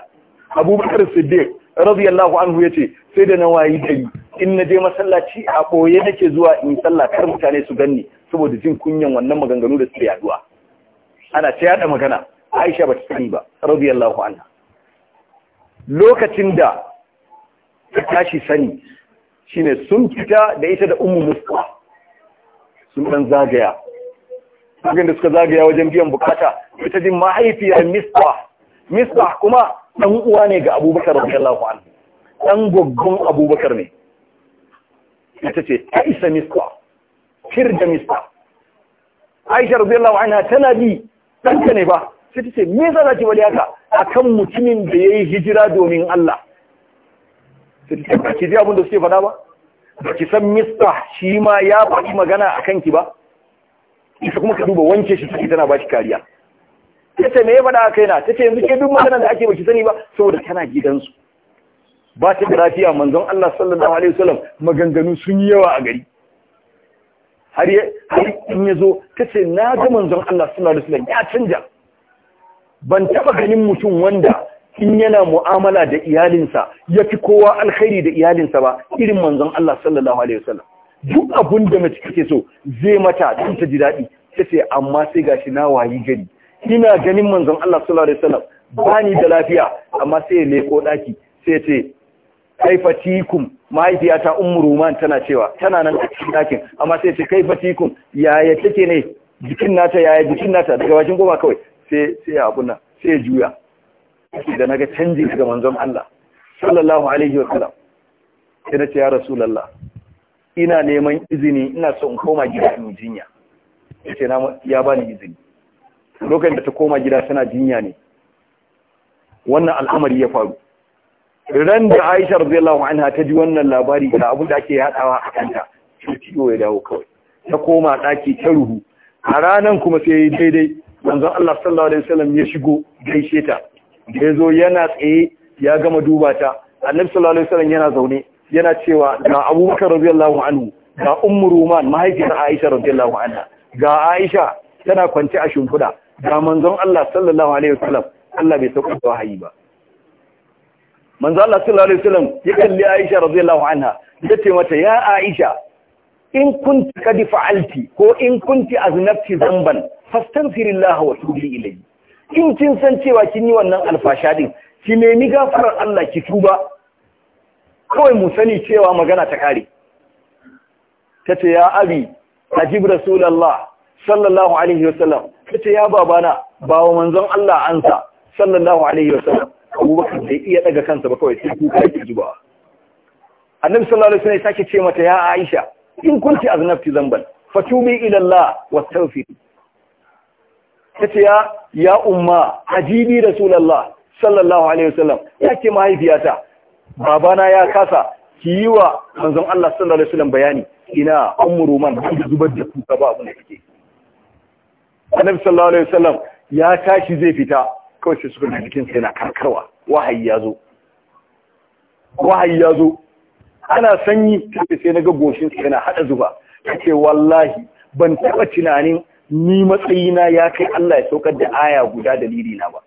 abubakar siddiq radiyallahu anhu yace sai da na nawayi dari in na je masallaci a boye nake zuwa in salla kar mutane su ganni saboda jin kunyan wannan maganganu da suke yaduwa ana ta yada magana Aisha bata sani ba radiyallahu anha lokacin da ta tashi sani shine sun fita da ita da ummu musa sun dan zagaya da suka zagaya wajen biyan bukata ita din mahaifiya misbah misbah kuma dan uwa ne ga abubakar radiyallahu anhu dan goggon abubakar ne ita ce ta isa misbah fir da misbah aisha radiyallahu anha tana bi danka ne ba sai ta ce me yasa zaki bari haka akan mutumin da yayi hijira domin Allah sai ta ce ba ki ji abin da suke faɗa ba ba ki san misbah shi ma ya faɗi magana a kanki ba ita kuma ka duba wanke shi take tana ba shi kariya ta ce me ya faɗa kai na ta ce yanzu ke duk maganar da ake baki sani ba saboda tana gidansu ba ta da lafiya manzon Allah sallallahu alaihi wasallam maganganu sun yi yawa a gari har ya in ya zo ta na ga manzon Allah sallallahu alaihi wasallam ya canja ban taɓa ganin mutum wanda in yana mu'amala da iyalinsa ya fi kowa alkhairi da iyalinsa ba irin manzon Allah sallallahu alaihi wasallam duk abun da mace kake so zai mata don ta ji daɗi ta ce amma sai gashi na wayi gari ina ganin manzon Allah sallallahu alaihi wasallam bani da lafiya amma sai ya leko daki sai ya ce kaifatikum mahaifiyata ummu ruman tana cewa tana nan a cikin dakin amma sai ya ce kaifatikum yaya take ne jikin nata yaya jikin nata daga bakin goma kawai sai sai ya abuna sai ya juya da naga canji daga manzon Allah sallallahu alaihi wasallam sai na ce ya rasulullah ina neman izini ina so in koma gida in jinya yace na ya bani izini lokacin da ta koma gida suna jinya ne wannan al'amari ya faru ran da Aisha radiyallahu anha ta ji wannan labari ga abin da ake hadawa a kanta ciwo ya dawo kawai ta koma daki ta ruhu a ranan kuma sai daidai manzon Allah sallallahu alaihi wasallam ya shigo gaishe ta da yazo yana tsaye ya gama duba ta annabi sallallahu alaihi wasallam yana zaune yana cewa ga abubakar radiyallahu anhu ga ummu ruman mahaifiyar aisha radiyallahu anha ga aisha tana kwanci a shimfiɗa ga manzon Allah sallallahu alaihi wasallam Allah bai sauka da wahayi ba manzon Allah sallallahu alaihi wasallam ya kalli aisha radiyallahu anha ya ce mata ya aisha in kunti kadi fa'alti ko in kunti aznabti zamban fastaghfirillah wa tubi ilayhi in kin san cewa kin yi wannan alfasha din ki nemi gafarar Allah ki tuba kawai mu sani cewa magana ta kare ta ce ya abi ajib rasulallah sallallahu alaihi wasallam ta ce ya babana bawo wa manzon Allah ansa sallallahu alaihi wasallam abubakar bai iya daga kansa ba kawai sai kuka yake zuba annabi sallallahu alaihi wasallam ya sake ce mata ya aisha in kunti aznafti zamban fatubi ila Allah wastaghfiri tace ya ya umma ajibi rasulullah sallallahu alaihi wasallam yake mahaifiyata babana ya kasa ki yi wa manzon Allah sallallahu alaihi wasallam bayani ina ummu man da zubar da kuka ba abun da kike annabi sallallahu alaihi wasallam ya tashi zai fita kawai sai suka cikin sai na karkarwa wahayi ya wahayi ya ana sanyi sai na ga goshin sai na hada zuba kace wallahi ban taba tunanin ni matsayina ya kai Allah ya saukar da aya guda dalili na ba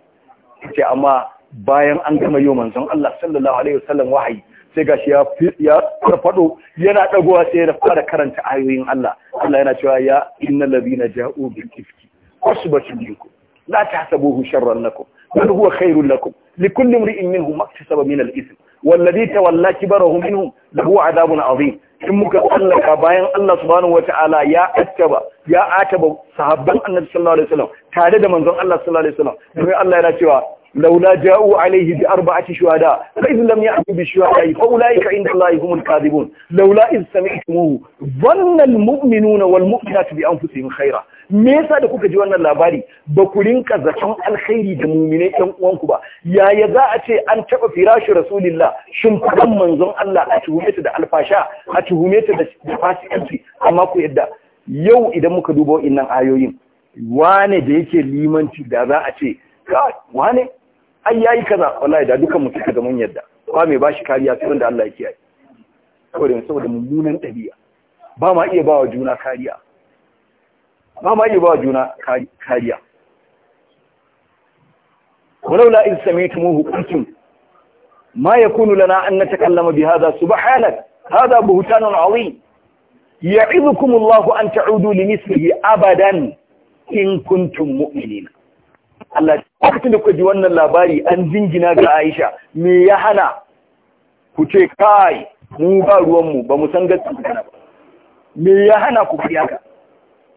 kace amma bayan an gama yau manzon Allah sallallahu alaihi wasallam wahayi sai gashi ya ya farfado yana dagowa sai ya fara karanta ayoyin Allah Allah yana cewa ya innal ladina ja'u bil ifki usbatu minkum la tahsabuhu sharran lakum bal huwa khairul lakum likulli imrin minhum maktasaba min al ithm wal ladhi tawalla kibarahu minhum lahu adabun azim in muka tsallaka bayan Allah subhanahu wataala ya attaba ya ataba sahabban annabi sallallahu alaihi wasallam tare da manzon Allah sallallahu alaihi wasallam sai Allah yana cewa laula ja'u alayhi bi arba'ati shuhada fa idh lam ya'tu bi shuhada fa ulaika 'inda allahi humul kadhibun laula idh sami'tumuhu dhanna al mu'minuna wal mu'minatu bi anfusihim khaira me yasa da kuka ji wannan labari ba ku rinka zaton alkhairi da mu'minai ɗan uwanku ba yaya za a ce an taɓa firashi rasulillah shin fadan manzon Allah a tuhume ta da alfasha a tuhume ta da fasikanci amma ku yadda yau idan muka duba wa'innan ayoyin wane da yake limanci da za a ce wane ai yayi kaza wallahi da dukan mu suka zaman yadda ba me bashi kariya sai wanda Allah ya kiyaye saboda saboda mummunan dabi'a ba ma iya bawa juna kariya ba ma iya bawa juna kariya walaula in sami'tumuhu qultum ma yakunu lana an natakallama bihadha subhanak hadha buhtanun 'azim ya'idukum Allahu an ta'udu limithlihi abadan in kuntum mu'minina Allah lokacin da kuka ji wannan labari an jingina ga Aisha me ya hana ku ce kai mu ba ruwanmu ba mu san gaskiya ba me ya hana ku fariya ka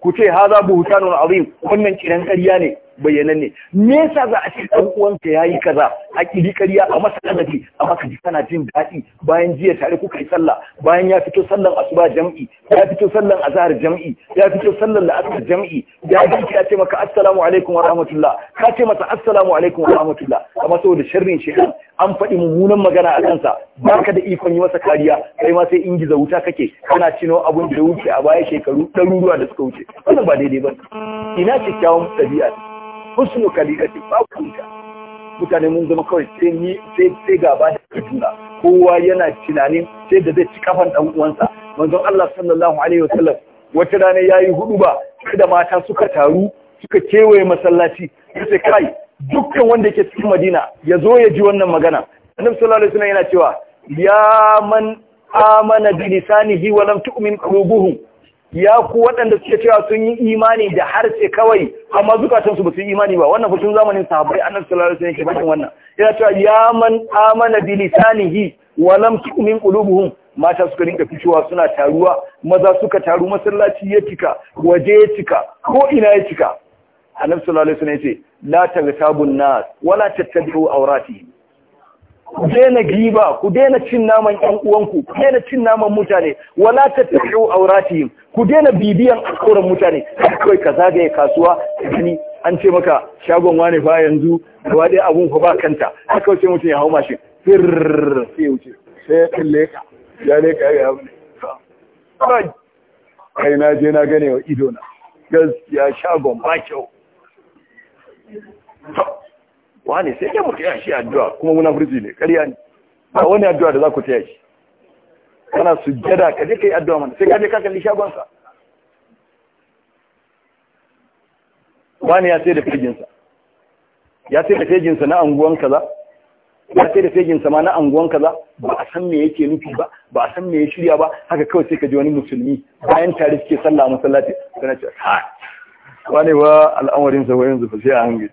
ku ce haza buhtanun azim wannan kiran karya ne bayyanan ne me yasa za a ce ɗan uwanka yayi kaza a kiri kariya a masa kazafi a maka ji kana jin daɗi bayan jiya tare kuka yi sallah bayan ya fito sallan asuba jam'i ya fito sallan azhar jam'i ya fito sallan la'asar jam'i ya ji ya ce maka assalamu alaikum wa rahmatullah ka ce masa assalamu alaikum wa rahmatullah amma saboda sharrin shi an faɗi mummunan magana a kansa baka da ikon yi masa kariya kai ma sai ingiza wuta kake kana cino abun da ya wuce a baya shekaru ɗaruruwa da suka wuce wannan ba daidai ba ina kyakkyawan ɗabi'a husnu kalidati ba kunta mutane mun zama kawai sai ni sai sai gaba da kowa yana tunanin sai da zai ci kafan dan uwansa manzon Allah sallallahu alaihi wasallam wata rana yayi hudu ba da mata suka taru suka kewaye masallaci sai kai dukkan wanda yake cikin Madina ya zo ya ji wannan magana annabi sallallahu alaihi wasallam yana cewa ya man amana bi lisanihi wa lam tu'min qulubuhum ya ku waɗanda suke cewa sun yi imani da harshe kawai amma zukatan su ba su imani ba wannan fushin zamanin sahabbai annabi sallallahu alaihi wasallam ke bakin wannan yana cewa ya man amana bi lisanihi wa lam tu'min qulubuhum mata suka rinka fitowa suna taruwa maza suka taru masallaci ya cika waje ya cika ko ina ya cika annabi sallallahu alaihi wasallam ya ce la tagtabun nas wala tattabi'u awratihim ku daina giba ku daina cin naman ƴan uwanku ku daina cin naman mutane wala tattabi'u auratihim ku daina bibiyan alƙawran mutane kai ka zagaye kasuwa gani. an ce maka shagon wane fa yanzu gaba dai abun ku ba kanta haka wuce mutum ya hau mashin fir sai wuce sai ya kalle ka ya ne ka ya kai na je na gane wa ido na gaskiya shagon ba kyau wani sai ke mutu ya shi addu'a kuma munafurci ne karya ne ba wani addu'a da za ku ta yashi? kana su jada ka je ka yi addu'a mana sai ka je ka kalli shagonsa. wani ya sai da fejin ya sai da fejin na anguwan kaza ya sai da fejin ma na anguwan kaza ba a san me yake nufi ba ba a san me ya shirya ba haka kawai sai ka ji wani musulmi bayan tare suke sallah masallaci sai na ce ha wani ba al'amarin sa wayan zufa sai a hangi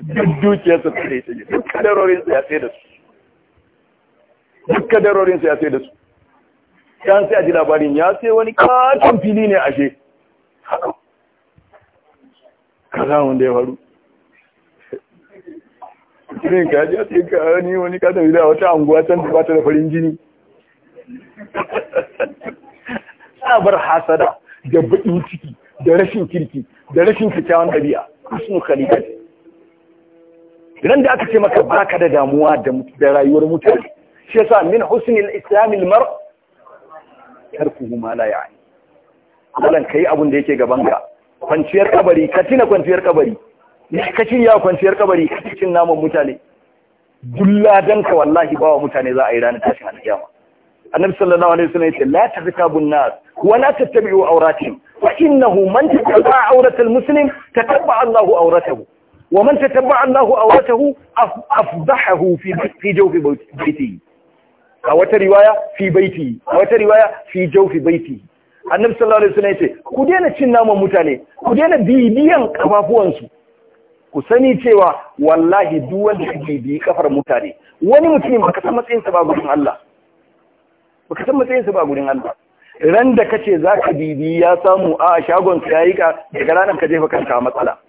duk dukiyarsa ta duk ya sai da su duk ya sai da su yan sai a ji labarin ya sai wani katon fili ne ashe kaza wanda ya faru irin ka ji sai ka wani wani katon fili a wata anguwa can da bata da farin jini bar hasada da baƙin ciki da rashin kirki da rashin kyakkyawan ɗabi'a kusur khalikat ran da aka ce maka baka da damuwa da rayuwar mutane shi yasa min husnil islamil mar tarkuhu ma la ya'ni wannan kai abun da yake gaban ka kwanciyar kabari ka tina kwanciyar kabari ne ka ya kwanciyar kabari ka cin naman mutane dulla dan ka wallahi bawa mutane za a yi ranar tashin alkiyama annabi sallallahu alaihi wasallam yace la tazkabun nas wa la tattabi'u awratihim fa innahu man tattaba'a awratal muslim tatabba'a Allahu awratahu ومن تتبع الله أورته أفضحه في في جوف بيته أو رواية في بيتي أو رواية في جوف بيتي annabi sallallahu alaihi wasallam yace ku daina cin naman mutane ku daina bibiyan kafafuwansu ku sani cewa wallahi duk wanda yake bi kafar mutane wani mutum baka san matsayin sa ba gurin Allah baka san matsayin sa ba gurin Allah ran da kace zaka bibi ya samu a shagon ka ka daga ranar ka jefa kanka matsala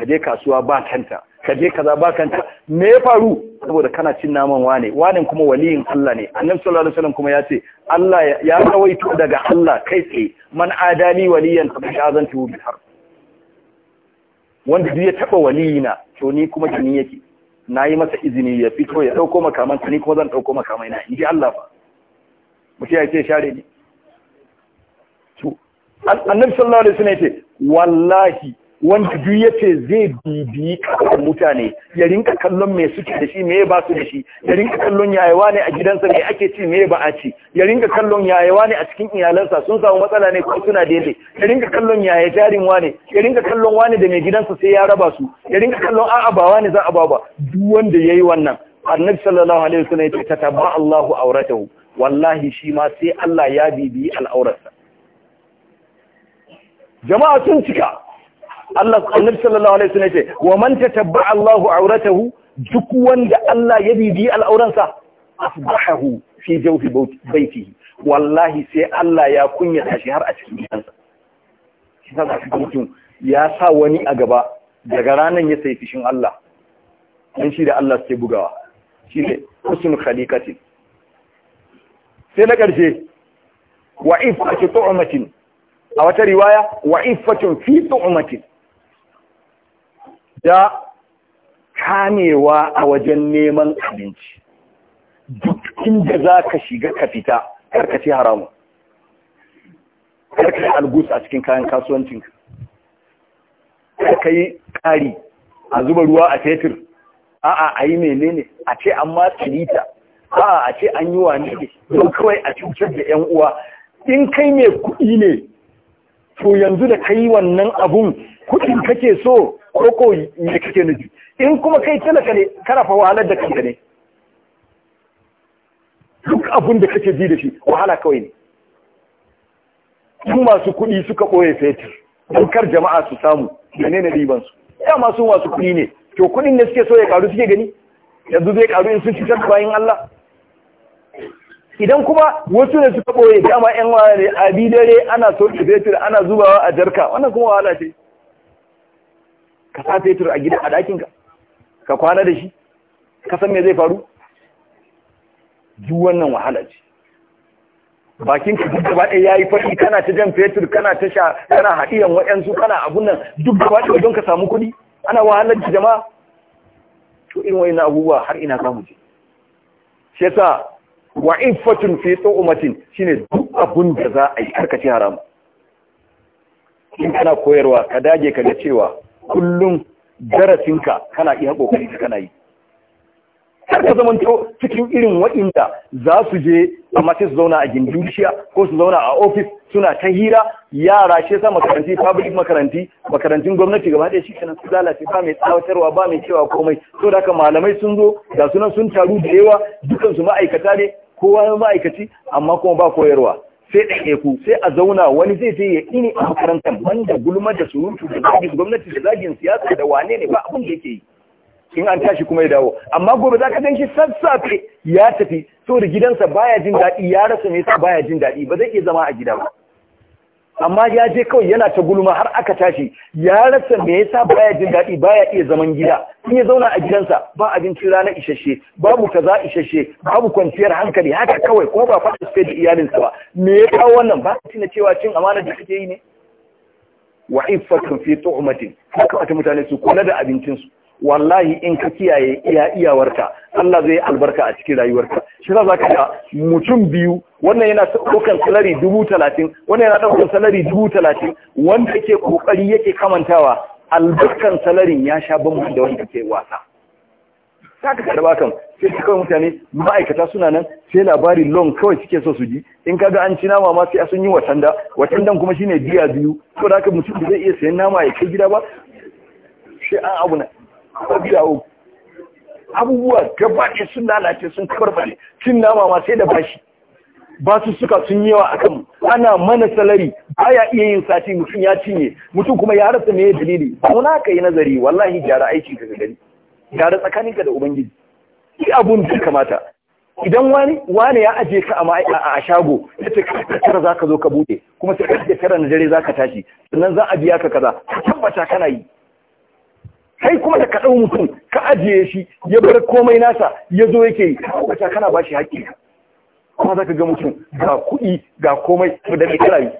ka je kasuwa ba kanta ka je kaza ba kanta me ya faru saboda kana cin naman wane wane kuma waliyin Allah ne annabi sallallahu alaihi wasallam kuma ya ce Allah ya rawaito daga Allah kai tsaye man adali waliyan fa sha'azantu bil har wanda duk ya taba waliyina to ni kuma kini yake nayi masa izini ya fito ya dauko makaman ni kuma zan dauko makamai na in ji Allah ba mutum ya ce share ni to annabi sallallahu alaihi wasallam ya ce wallahi wanda duk ce zai bibiyi kasar mutane ya rinka kallon me suke da shi me ba su da shi ya rinka kallon yayewa ne a gidansa me ake ci me ba a ci ya rinka kallon yayewa ne a cikin iyalansa sun samu matsala ne ko suna daidai ya rinka kallon yaye jarin wane ya rinka kallon wane da mai gidansa sai ya raba su ya rinka kallon a'a ba wane za a ba ba duk wanda yayi wannan annabi sallallahu alaihi wasallam ya ce tatabba Allahu auratahu wallahi shi ma sai Allah ya bibiyi al'aurarsa jama'a sun cika Allah annabi sallallahu alaihi wasallam ce wa man tatabba'a Allahu auratahu duk wanda Allah ya bibi al'auransa asbahahu fi jawfi wallahi sai Allah ya kunya shi har a cikin gidansa shi sa shi mutum ya sa wani a gaba daga ranan ya sai fishin Allah dan shi da Allah bugawa shi husnul khaliqati sai na karshe wa ifatu tu'matin a wata riwaya wa ifatun fi tu'matin da kamewa a wajen neman abinci duk inda za ka shiga ka fita karkaci haramun karkaci algus a cikin kayan kasuwancinka yi ƙari a zuba ruwa a fetur a'a a yi menene a ce an matsalita a'a a ce an yi wa ne don kawai a cutar da 'yan uwa in kai mai kuɗi ne to yanzu da ka yi wannan abun kuɗin kake so ko ko me kake nufi in kuma kai talaka ne karafa fa wahalar da kanka ne duk abin da kake ji da shi wahala kawai ne Sun masu kuɗi suka ɓoye fetur don kar jama'a su samu ne na su ya masu masu kuɗi ne to kuɗin ne suke so ya ƙaru suke gani yanzu zai ƙaru in sun cutar bayan Allah idan kuma wasu ne suka ɓoye dama yan wani abi dare ana sauke fetur ana zubawa a jarka wannan kuma wahala ce ka sa fetur a gida a ɗakinka ka kwana da shi ka san me zai faru duk wannan wahala ce bakin ka duk gaba ɗaya yayi faɗi kana ta jan fetur kana ta sha kana haɗiyan waɗansu kana abun nan duk gaba ɗaya don ka samu kuɗi ana wahalar ki jama'a to irin na abubuwa har ina za mu je shi yasa wa iffatun fi tsumatin shine duk abun da za a yi karkace haram in kana koyarwa ka dage ka ga cewa kullum darasinka kana iya kokari ka kana yi har ka zama cikin irin waɗanda za su je amma sai su zauna a gindin ko su zauna a ofis suna ta hira yara shi sa makaranti public makaranti makarantun gwamnati gaba ɗaya shi kenan su lalace ba mai tsawatarwa ba mai cewa komai to da haka malamai sun zo ga sunan sun taru da yawa dukansu ma'aikata ne kowa ma'aikaci amma kuma ba koyarwa sai ku sai a zauna wani zai je ya ne a makarantar wanda gulma da surutu da zagin gwamnati da zagin siyasa da wane ne ba abin da yake yi in an tashi kuma ya dawo amma gobe za ka gan shi sassafe ya tafi saboda gidansa baya jin daɗi ya rasa mai sa baya jin daɗi ba zai iya zama a gida ba amma ya je kawai yana ta gulma har aka tashi ya rasa me ya yasa baya jin daɗi baya iya zaman gida in ya zauna a gidansa ba abincin rana isasshe babu kaza isasshe babu kwanciyar hankali haka kawai ko ba fata su da iyalinsa ba me ya kawo wannan ba tuna cewa cin amana da kake yi ne wa iffatun fi haka wata mutane su kula da abincinsu wallahi in ka kiyaye iya iyawarka Allah zai albarka a cikin rayuwarka shi za ka ga mutum biyu wannan yana ɗaukar salari dubu talatin wannan yana ɗaukar salari dubu talatin wanda ke ƙoƙari yake kamantawa albarkan salarin ya sha bambam da wanda ke wasa ta ka karɓa kan sai kawai mutane ma'aikata suna nan sai labarin long kawai suke so su ji in kaga an ci nama ma sai sun yi watanda watandan kuma shine biya biyu ko da haka mutum zai iya sayan nama ya kai gida ba shi an abu na abiyawo abubuwa gabaɗe sun lalace sun kabarbare cin nama ma sai da bashi ba su suka sun yawa wa akan ana mana salari baya iya yin sati mutum ya cinye mutum kuma ya rasa me dalili kuma aka yi nazari wallahi gyara aiki ka gari gyara ka da ubangiji shi abun da kamata idan wani wani ya aje ka a shago ya ce tara za ka zo ka bude kuma sai ka tara na dare za ka tashi sannan za a biya ka kaza tabbata kana yi kai kuma da kaɗau mutum ka ajiye shi ya bar komai nasa ya zo yake yi wata kana ba shi haƙƙi kuma za ka ga mutum ga kuɗi ga komai da mai rayu.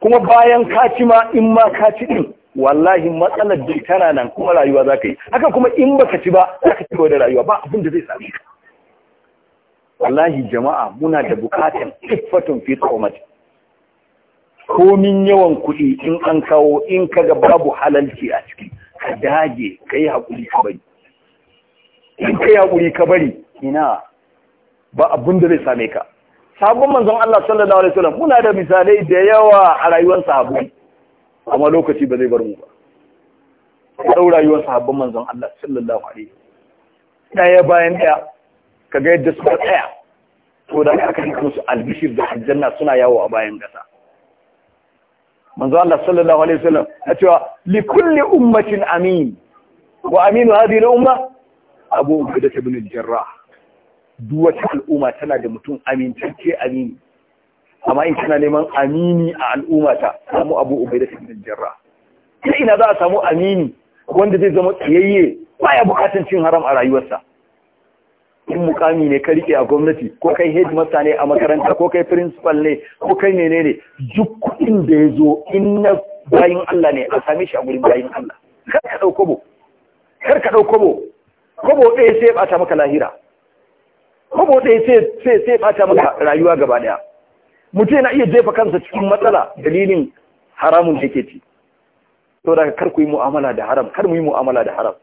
kuma bayan ka ci ma in ma ka ci ɗin wallahi matsalar da tana nan kuma rayuwa za ka yi haka kuma in baka ci ba za ka ci da rayuwa ba abin da zai sami wallahi jama'a muna da bukatan iffatun fi tsomatin komin yawan kuɗi in an kawo in ka ga babu halalci a ciki ka dage ka yi haƙuri ka bari in ka yi haƙuri ka bari ina ba abin da zai same ka sabon manzon Allah sallallahu alaihi wasallam muna da misalai da yawa a rayuwar sahabbai amma lokaci ba zai bar mu ba sau rayuwar sahabban manzon Allah sallallahu alaihi daya bayan daya kaga yadda suka tsaya to da aka yi musu albishir da aljanna suna yawo a bayan gasa manzo Allah sallallahu alaihi wasallam ya cewa li kulli ummatin amin wa aminu hadhihi al-umma Abu Ubaidah ibn al-Jarrah duk wata al'umma tana da mutum amintacce amini amma in kana neman amini a al'ummata samu Abu Ubaidah ibn al-Jarrah sai ina za a samu amini wanda zai zama tsayayye baya bukatun cin haram a rayuwarsa in mukami ne ka rike a gwamnati ko kai headmaster ne a makaranta ko kai principal ne ko kai menene duk kuɗin da ya zo in na bayin Allah ne a same shi a gurin bayin Allah kar ka ɗau kobo kar ka ɗau kobo kobo ɗaya sai ɓata maka lahira kobo ɗaya sai sai ɓata maka rayuwa gaba ɗaya mutum yana iya jefa kansa cikin matsala dalilin haramun da yake ci saboda kar ku yi mu'amala da haram kar mu yi mu'amala da haram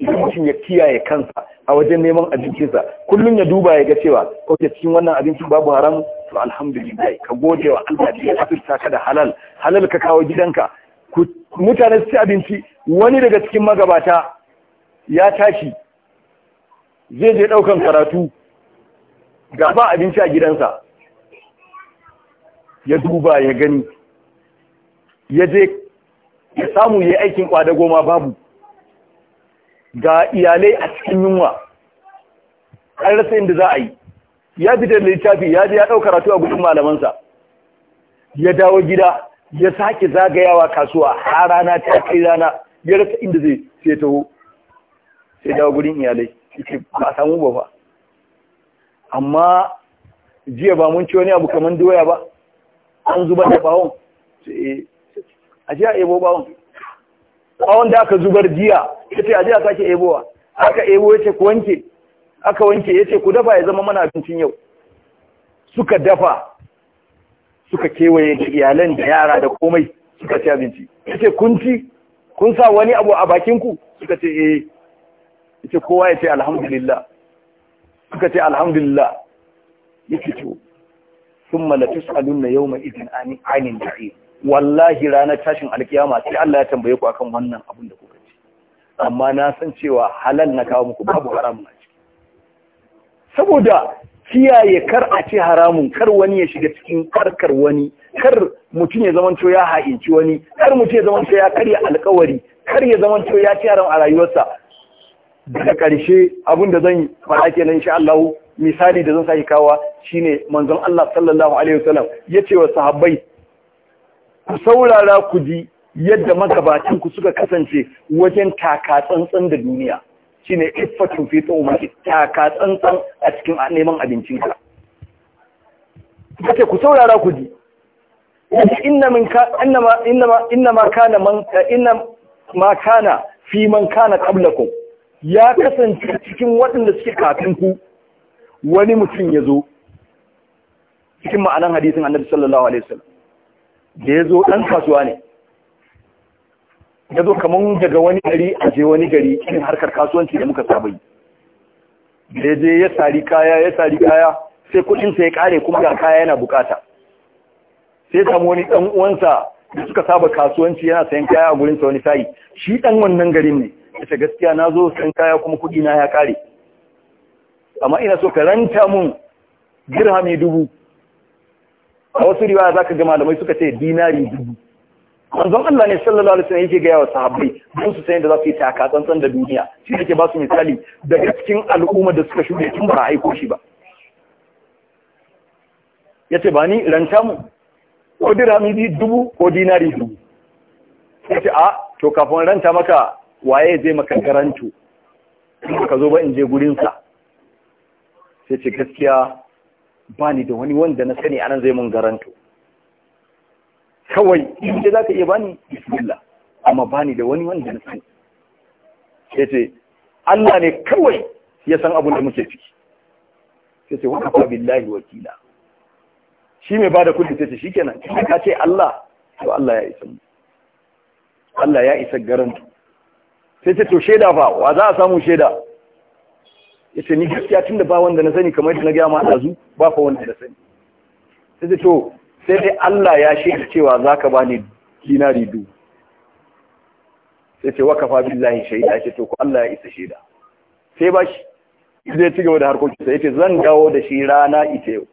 idan mutum ya kiyaye kansa a wajen neman abincinsa kullum ya duba ya ga cewa ok cikin wannan abincin babu haram to alhamdulillah ka gode wa Allah da ya asirta ka da halal halal ka kawo gidanka mutane su ci abinci wani daga cikin magabata ya tashi zai je daukan karatu ga ba abinci a gidansa ya duba ya gani ya je ya samu ya aikin kwada goma babu ga iyalai a cikin yunwa an rasa inda za a yi ya fita da littafi ya ji ya ɗau karatu a gudun malamansa ya dawo gida ya sake zagayawa kasuwa har rana ta kai rana ya rasa inda zai sai taho sai dawo gudun iyalai ke ba a samu ba fa amma jiya ba mun ci wani abu kamar doya ba an zuba da bawon eh, a jiya ebo bawon a wanda aka zubar jiya ya ce ajiya a sake ebowa aka ebo ya ce ku wanke aka wanke ya ce ku dafa ya zama mana abincin yau suka dafa suka kewaye da iyalan da yara da komai suka ci abinci ya ce kun ci kun sa wani abu a bakinku suka ce eh ya ce kowa ya ce alhamdulillah suka ce alhamdulillah ya ce to sun malatus alunna yau mai izin anin ta'in wallahi ranar tashin alkiyama sai Allah ya tambaye ku akan wannan abin da kuka ci amma na san cewa halal na kawo muku babu haramun a ciki saboda kiyaye kar a ce haramun kar wani ya shiga cikin karkar wani kar mutum ya zamanto ya ha'inci wani kar mutum ya zamanto ya karya alkawari kar ya zamanto ya ci haram a rayuwarsa daga ƙarshe abin da zan faɗa kenan insha Allah misali da zan sake kawa shine manzon Allah sallallahu alaihi wasallam yace wa sahabbai ku saurara ku ji yadda magabatan ku suka kasance wajen taka tsantsan da duniya shine iffatun fito tsawmati taka tsantsan a cikin neman abincin ka kace ku saurara ku ji inna kana ma kana fi man kana qablakum ya kasance cikin waɗanda suke kafin ku wani mutum ya zo cikin ma'anan hadisin annabi sallallahu alaihi wasallam da ya zo ɗan kasuwa ne ya zo kamar daga wani gari a je wani gari irin harkar kasuwanci da muka saba yi da ya je ya sari kaya ya sari kaya sai kudinsa ya ƙare kuma ga kaya yana bukata sai samu wani ɗan uwansa da suka saba kasuwanci yana sayan kaya a gurinsa wani sayi shi ɗan wannan garin ne ya gaskiya na zo sayan kaya kuma kuɗi na ya ƙare amma ina so ka ranta mun dirhami dubu a wasu riwaya gama ga malamai suka ce dinari dubu manzon Allah ne sallallahu alaihi wasallam yake ga yawa sahabbai don su san da za su yi taka tsantsan da duniya shi ke ba su misali daga cikin al'umma da suka shuɗe tun ba a aiko shi ba yace ba ni ranta mu ko dirhami dubu ko dinari dubu yace a to kafin ranta maka waye zai maka garanto ka zo ba in je gurin sa ce gaskiya ba ni da wani wanda na sani anan zai mun garanto kawai in za ka iya bani bismillah amma ba ni da wani wanda na sani sai ce Allah ne kawai ya san abin da muke ciki sai ce wa kafa billahi wakila shi mai bada kudi sai ce shikenan ka ce Allah to Allah ya isa Allah ya isa garanto sai ce to sheda fa wa za a samu sheda ya ce ni gaskiya tun da ba wanda na sani kamar da na gaya ma ɗazu ba fa wanda na sani sai zai to sai dai Allah ya shaida cewa za ka ba ni dinari du sai ce waka fa billahi shaida ce to ko Allah ya isa shaida sai ba shi zai ci gaba da harkokinsa ya ce zan dawo da shi rana ita yau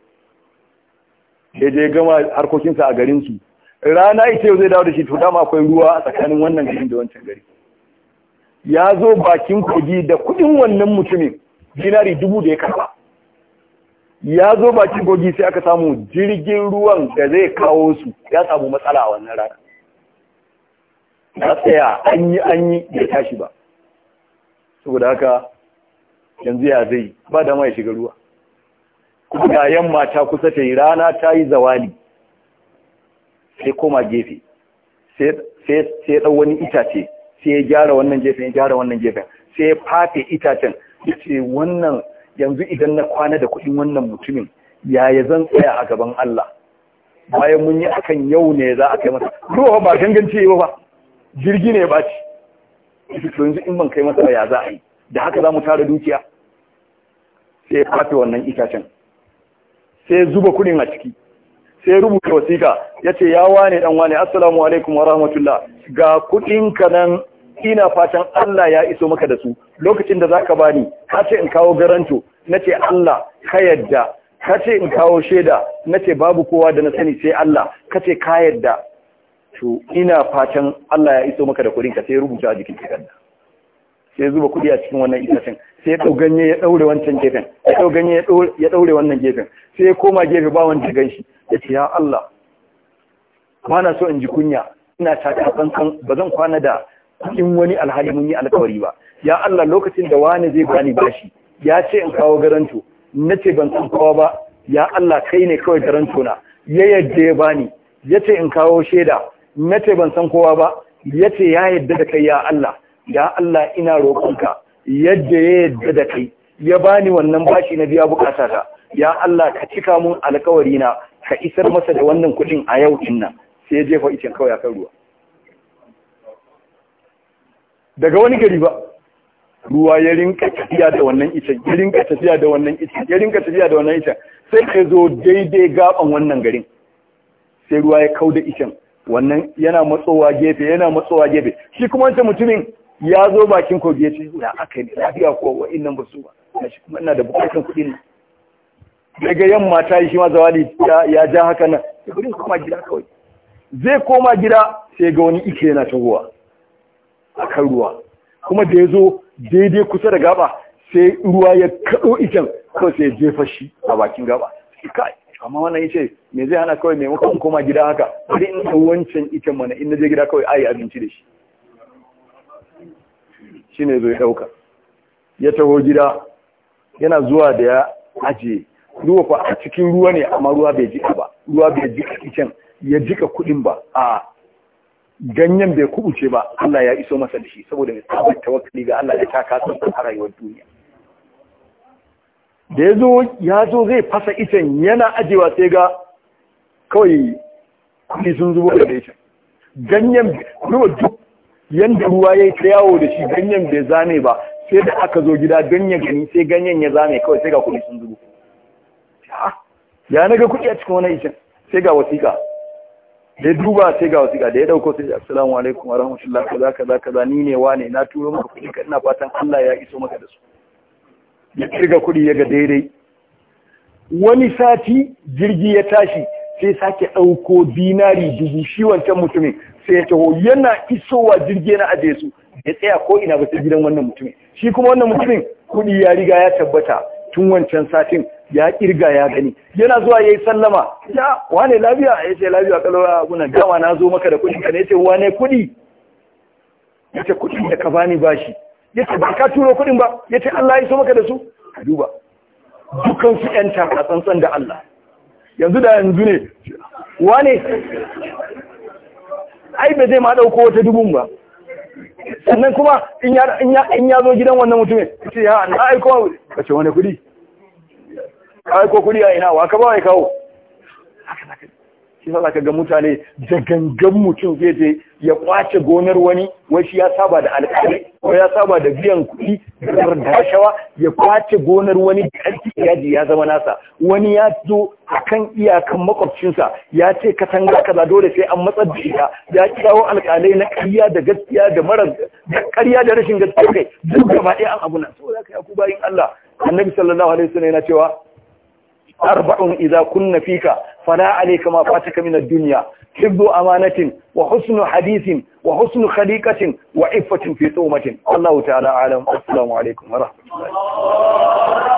ya je gama harkokinsa a garinsu rana ita yau zai dawo da shi to dama akwai ruwa a tsakanin wannan garin da wancan gari ya zo bakin kogi da kudin wannan mutumin dinari dubu da ya karba ya zo bakin gogi sai aka samu jirgin ruwan da zai kawo su ya samu matsala a wannan rana na tsaya an yi an yi ya tashi ba saboda haka yanzu ya zai ba da mai shiga ruwa kuma ga yamma ta kusa ta yi rana ta yi zawali sai koma gefe sai ya ɗau wani itace sai ya gyara wannan gefen sai ya fafe itacen ya ce wannan yanzu idan na kwana da kuɗin wannan mutumin yaya zan tsaya a gaban Allah bayan mun yi akan yau ne za a kai masa ruwa ba gangance ba jirgi ne ba ci yanzu in ban kai masa ya za a yi da haka za mu tara dukiya sai kwafe wannan itacen sai zuba kuɗin a ciki sai rubuta wasiƙa ya ce ya wane ɗan wane assalamu alaikum wa rahmatullah ga kuɗinka nan ina fatan Allah ya iso maka da su lokacin da zaka bani ka ce in kawo garanto nace Allah ka yadda ka ce in kawo sheda nace babu kowa da na sani sai Allah ka ce ka yadda to ina fatan Allah ya iso maka da kudin ka sai rubuta a jikin takarda sai zuba kuɗi a cikin wannan itacen sai ya ganye ya ɗaure wancan gefen ya ɗau ganye ya daure wannan gefen sai ya koma gefe ba wanda gan shi ya ce ya Allah ba na so in ji kunya ina taka tsantsan ba zan kwana da in wani alhali mun yi alkawari ba ya Allah lokacin da wani zai bani bashi ya ce in kawo garanto na ban san kowa ba ya Allah kai ne kawai garanto na ya yadda ya bani ya ce in kawo shaida na ce ban san kowa ba ya ce ya yadda da kai ya Allah ya Allah ina roƙonka yadda ya yadda da kai ya bani wannan bashi na biya bukata ta ya Allah ka cika mun alkawari na ka isar masa da wannan kuɗin a yau din nan sai ya jefa icen kawai kan ruwa daga wani gari ba ruwa ya rinka tafiya da wannan icen ya rinka tafiya da wannan icen ya rinka tafiya da wannan icen sai ka zo daidai gaban wannan garin sai ruwa ya kau da icen wannan yana matsowa gefe yana matsowa gefe shi kuma wancan mutumin ya zo bakin kogi ya ce ya aka yi lafiya ko wa'innan ba su ba shi kuma ina da bukatan kuɗi ne daga yamma ta yi shi ma zawali ya ja haka nan sai koma gida kawai zai koma gida sai ga wani ike yana tagowa a kan ruwa kuma da ya zo daidai kusa da gaba sai ruwa ya kaɗo itan kawai sai ya jefa shi a bakin gaba kai amma wannan ya ce me zai hana kawai maimakon koma gida haka bari in san wancan itan mana in na je gida kawai ayi abinci da shi shine zo ya ɗauka ya taho gida yana zuwa da ya ajiye ruwa fa a cikin ruwa ne amma ruwa bai jika ba ruwa bai jika kicin ya jika kudin ba Aa. ganyen bai kubuce ba Allah ya iso masa da shi saboda mai sabon tawakali ga Allah ya ta kasa a rayuwar duniya da ya zo ya zo zai fasa icen yana ajewa sai ga kawai kudi sun zubo da icen ganyen ruwa duk yadda ruwa ya yi ta yawo da shi ganyen bai zame ba sai da aka zo gida ganyen gani sai ganyen ya zame kawai sai ga kudi sun zubo ya na ga kuɗi a cikin wani icen sai ga wasiƙa da duba sai ga wasiƙa da ya dauko sai assalamu alaikum wa rahmatullah za ka za ni ne wa ne. na turo maka kuɗi ka ina fatan Allah ya iso maka da su ya kirga kuɗi ya ga daidai wani sati jirgi ya tashi sai sake ɗauko dinari dubu shi wancan mutumin sai ya taho yana isowa jirgi na ajiye su ya tsaya ko ina ba sai gidan wannan mutumin shi kuma wannan mutumin kuɗi ya riga ya tabbata tun wancan satin ya kirga ya gani yana zuwa yayi sallama ya wane lafiya ya ce lafiya kalwa guna dama na zo maka da kudi Kana ya ce wane kudi ya ce kudin da ka bani bashi ya ce ba ka turo kudin ba ya ce Allah ya so maka da su ka duba dukan su yan taka tsantsan da Allah yanzu da yanzu ne wane ai ba zai ma dauko wata dubun ba sannan kuma in ya zo gidan wannan mutumin ya ce ya na aiko ba ce wane kudi kawai ko kudi a ina wa ka ba ya kawo shi sa ka ga mutane da gangan mutum zai je ya kwace gonar wani wai shi ya saba da alƙali ko ya saba da biyan kuɗi da rashawa ya kwace gonar wani da ƙarfi yaji ya zama nasa wani ya zo akan iyakan makwabcinsa ya ce katanga kaza dole sai an matsar da ita ya kawo alƙalai na ƙarya da gaskiya da mara da ƙarya da rashin gaskiya kai duk gaba ɗaya an abu na, saboda ka yaku bayin Allah annabi sallallahu alaihi wasallam yana cewa arba'un idza kunna fika fala alayka ma fataka min ad-dunya hibbu amanatin wa husnu hadithin wa husnu khaliqatin wa iffatin fi tumatin Allahu ta'ala alam assalamu alaikum wa rahmatullahi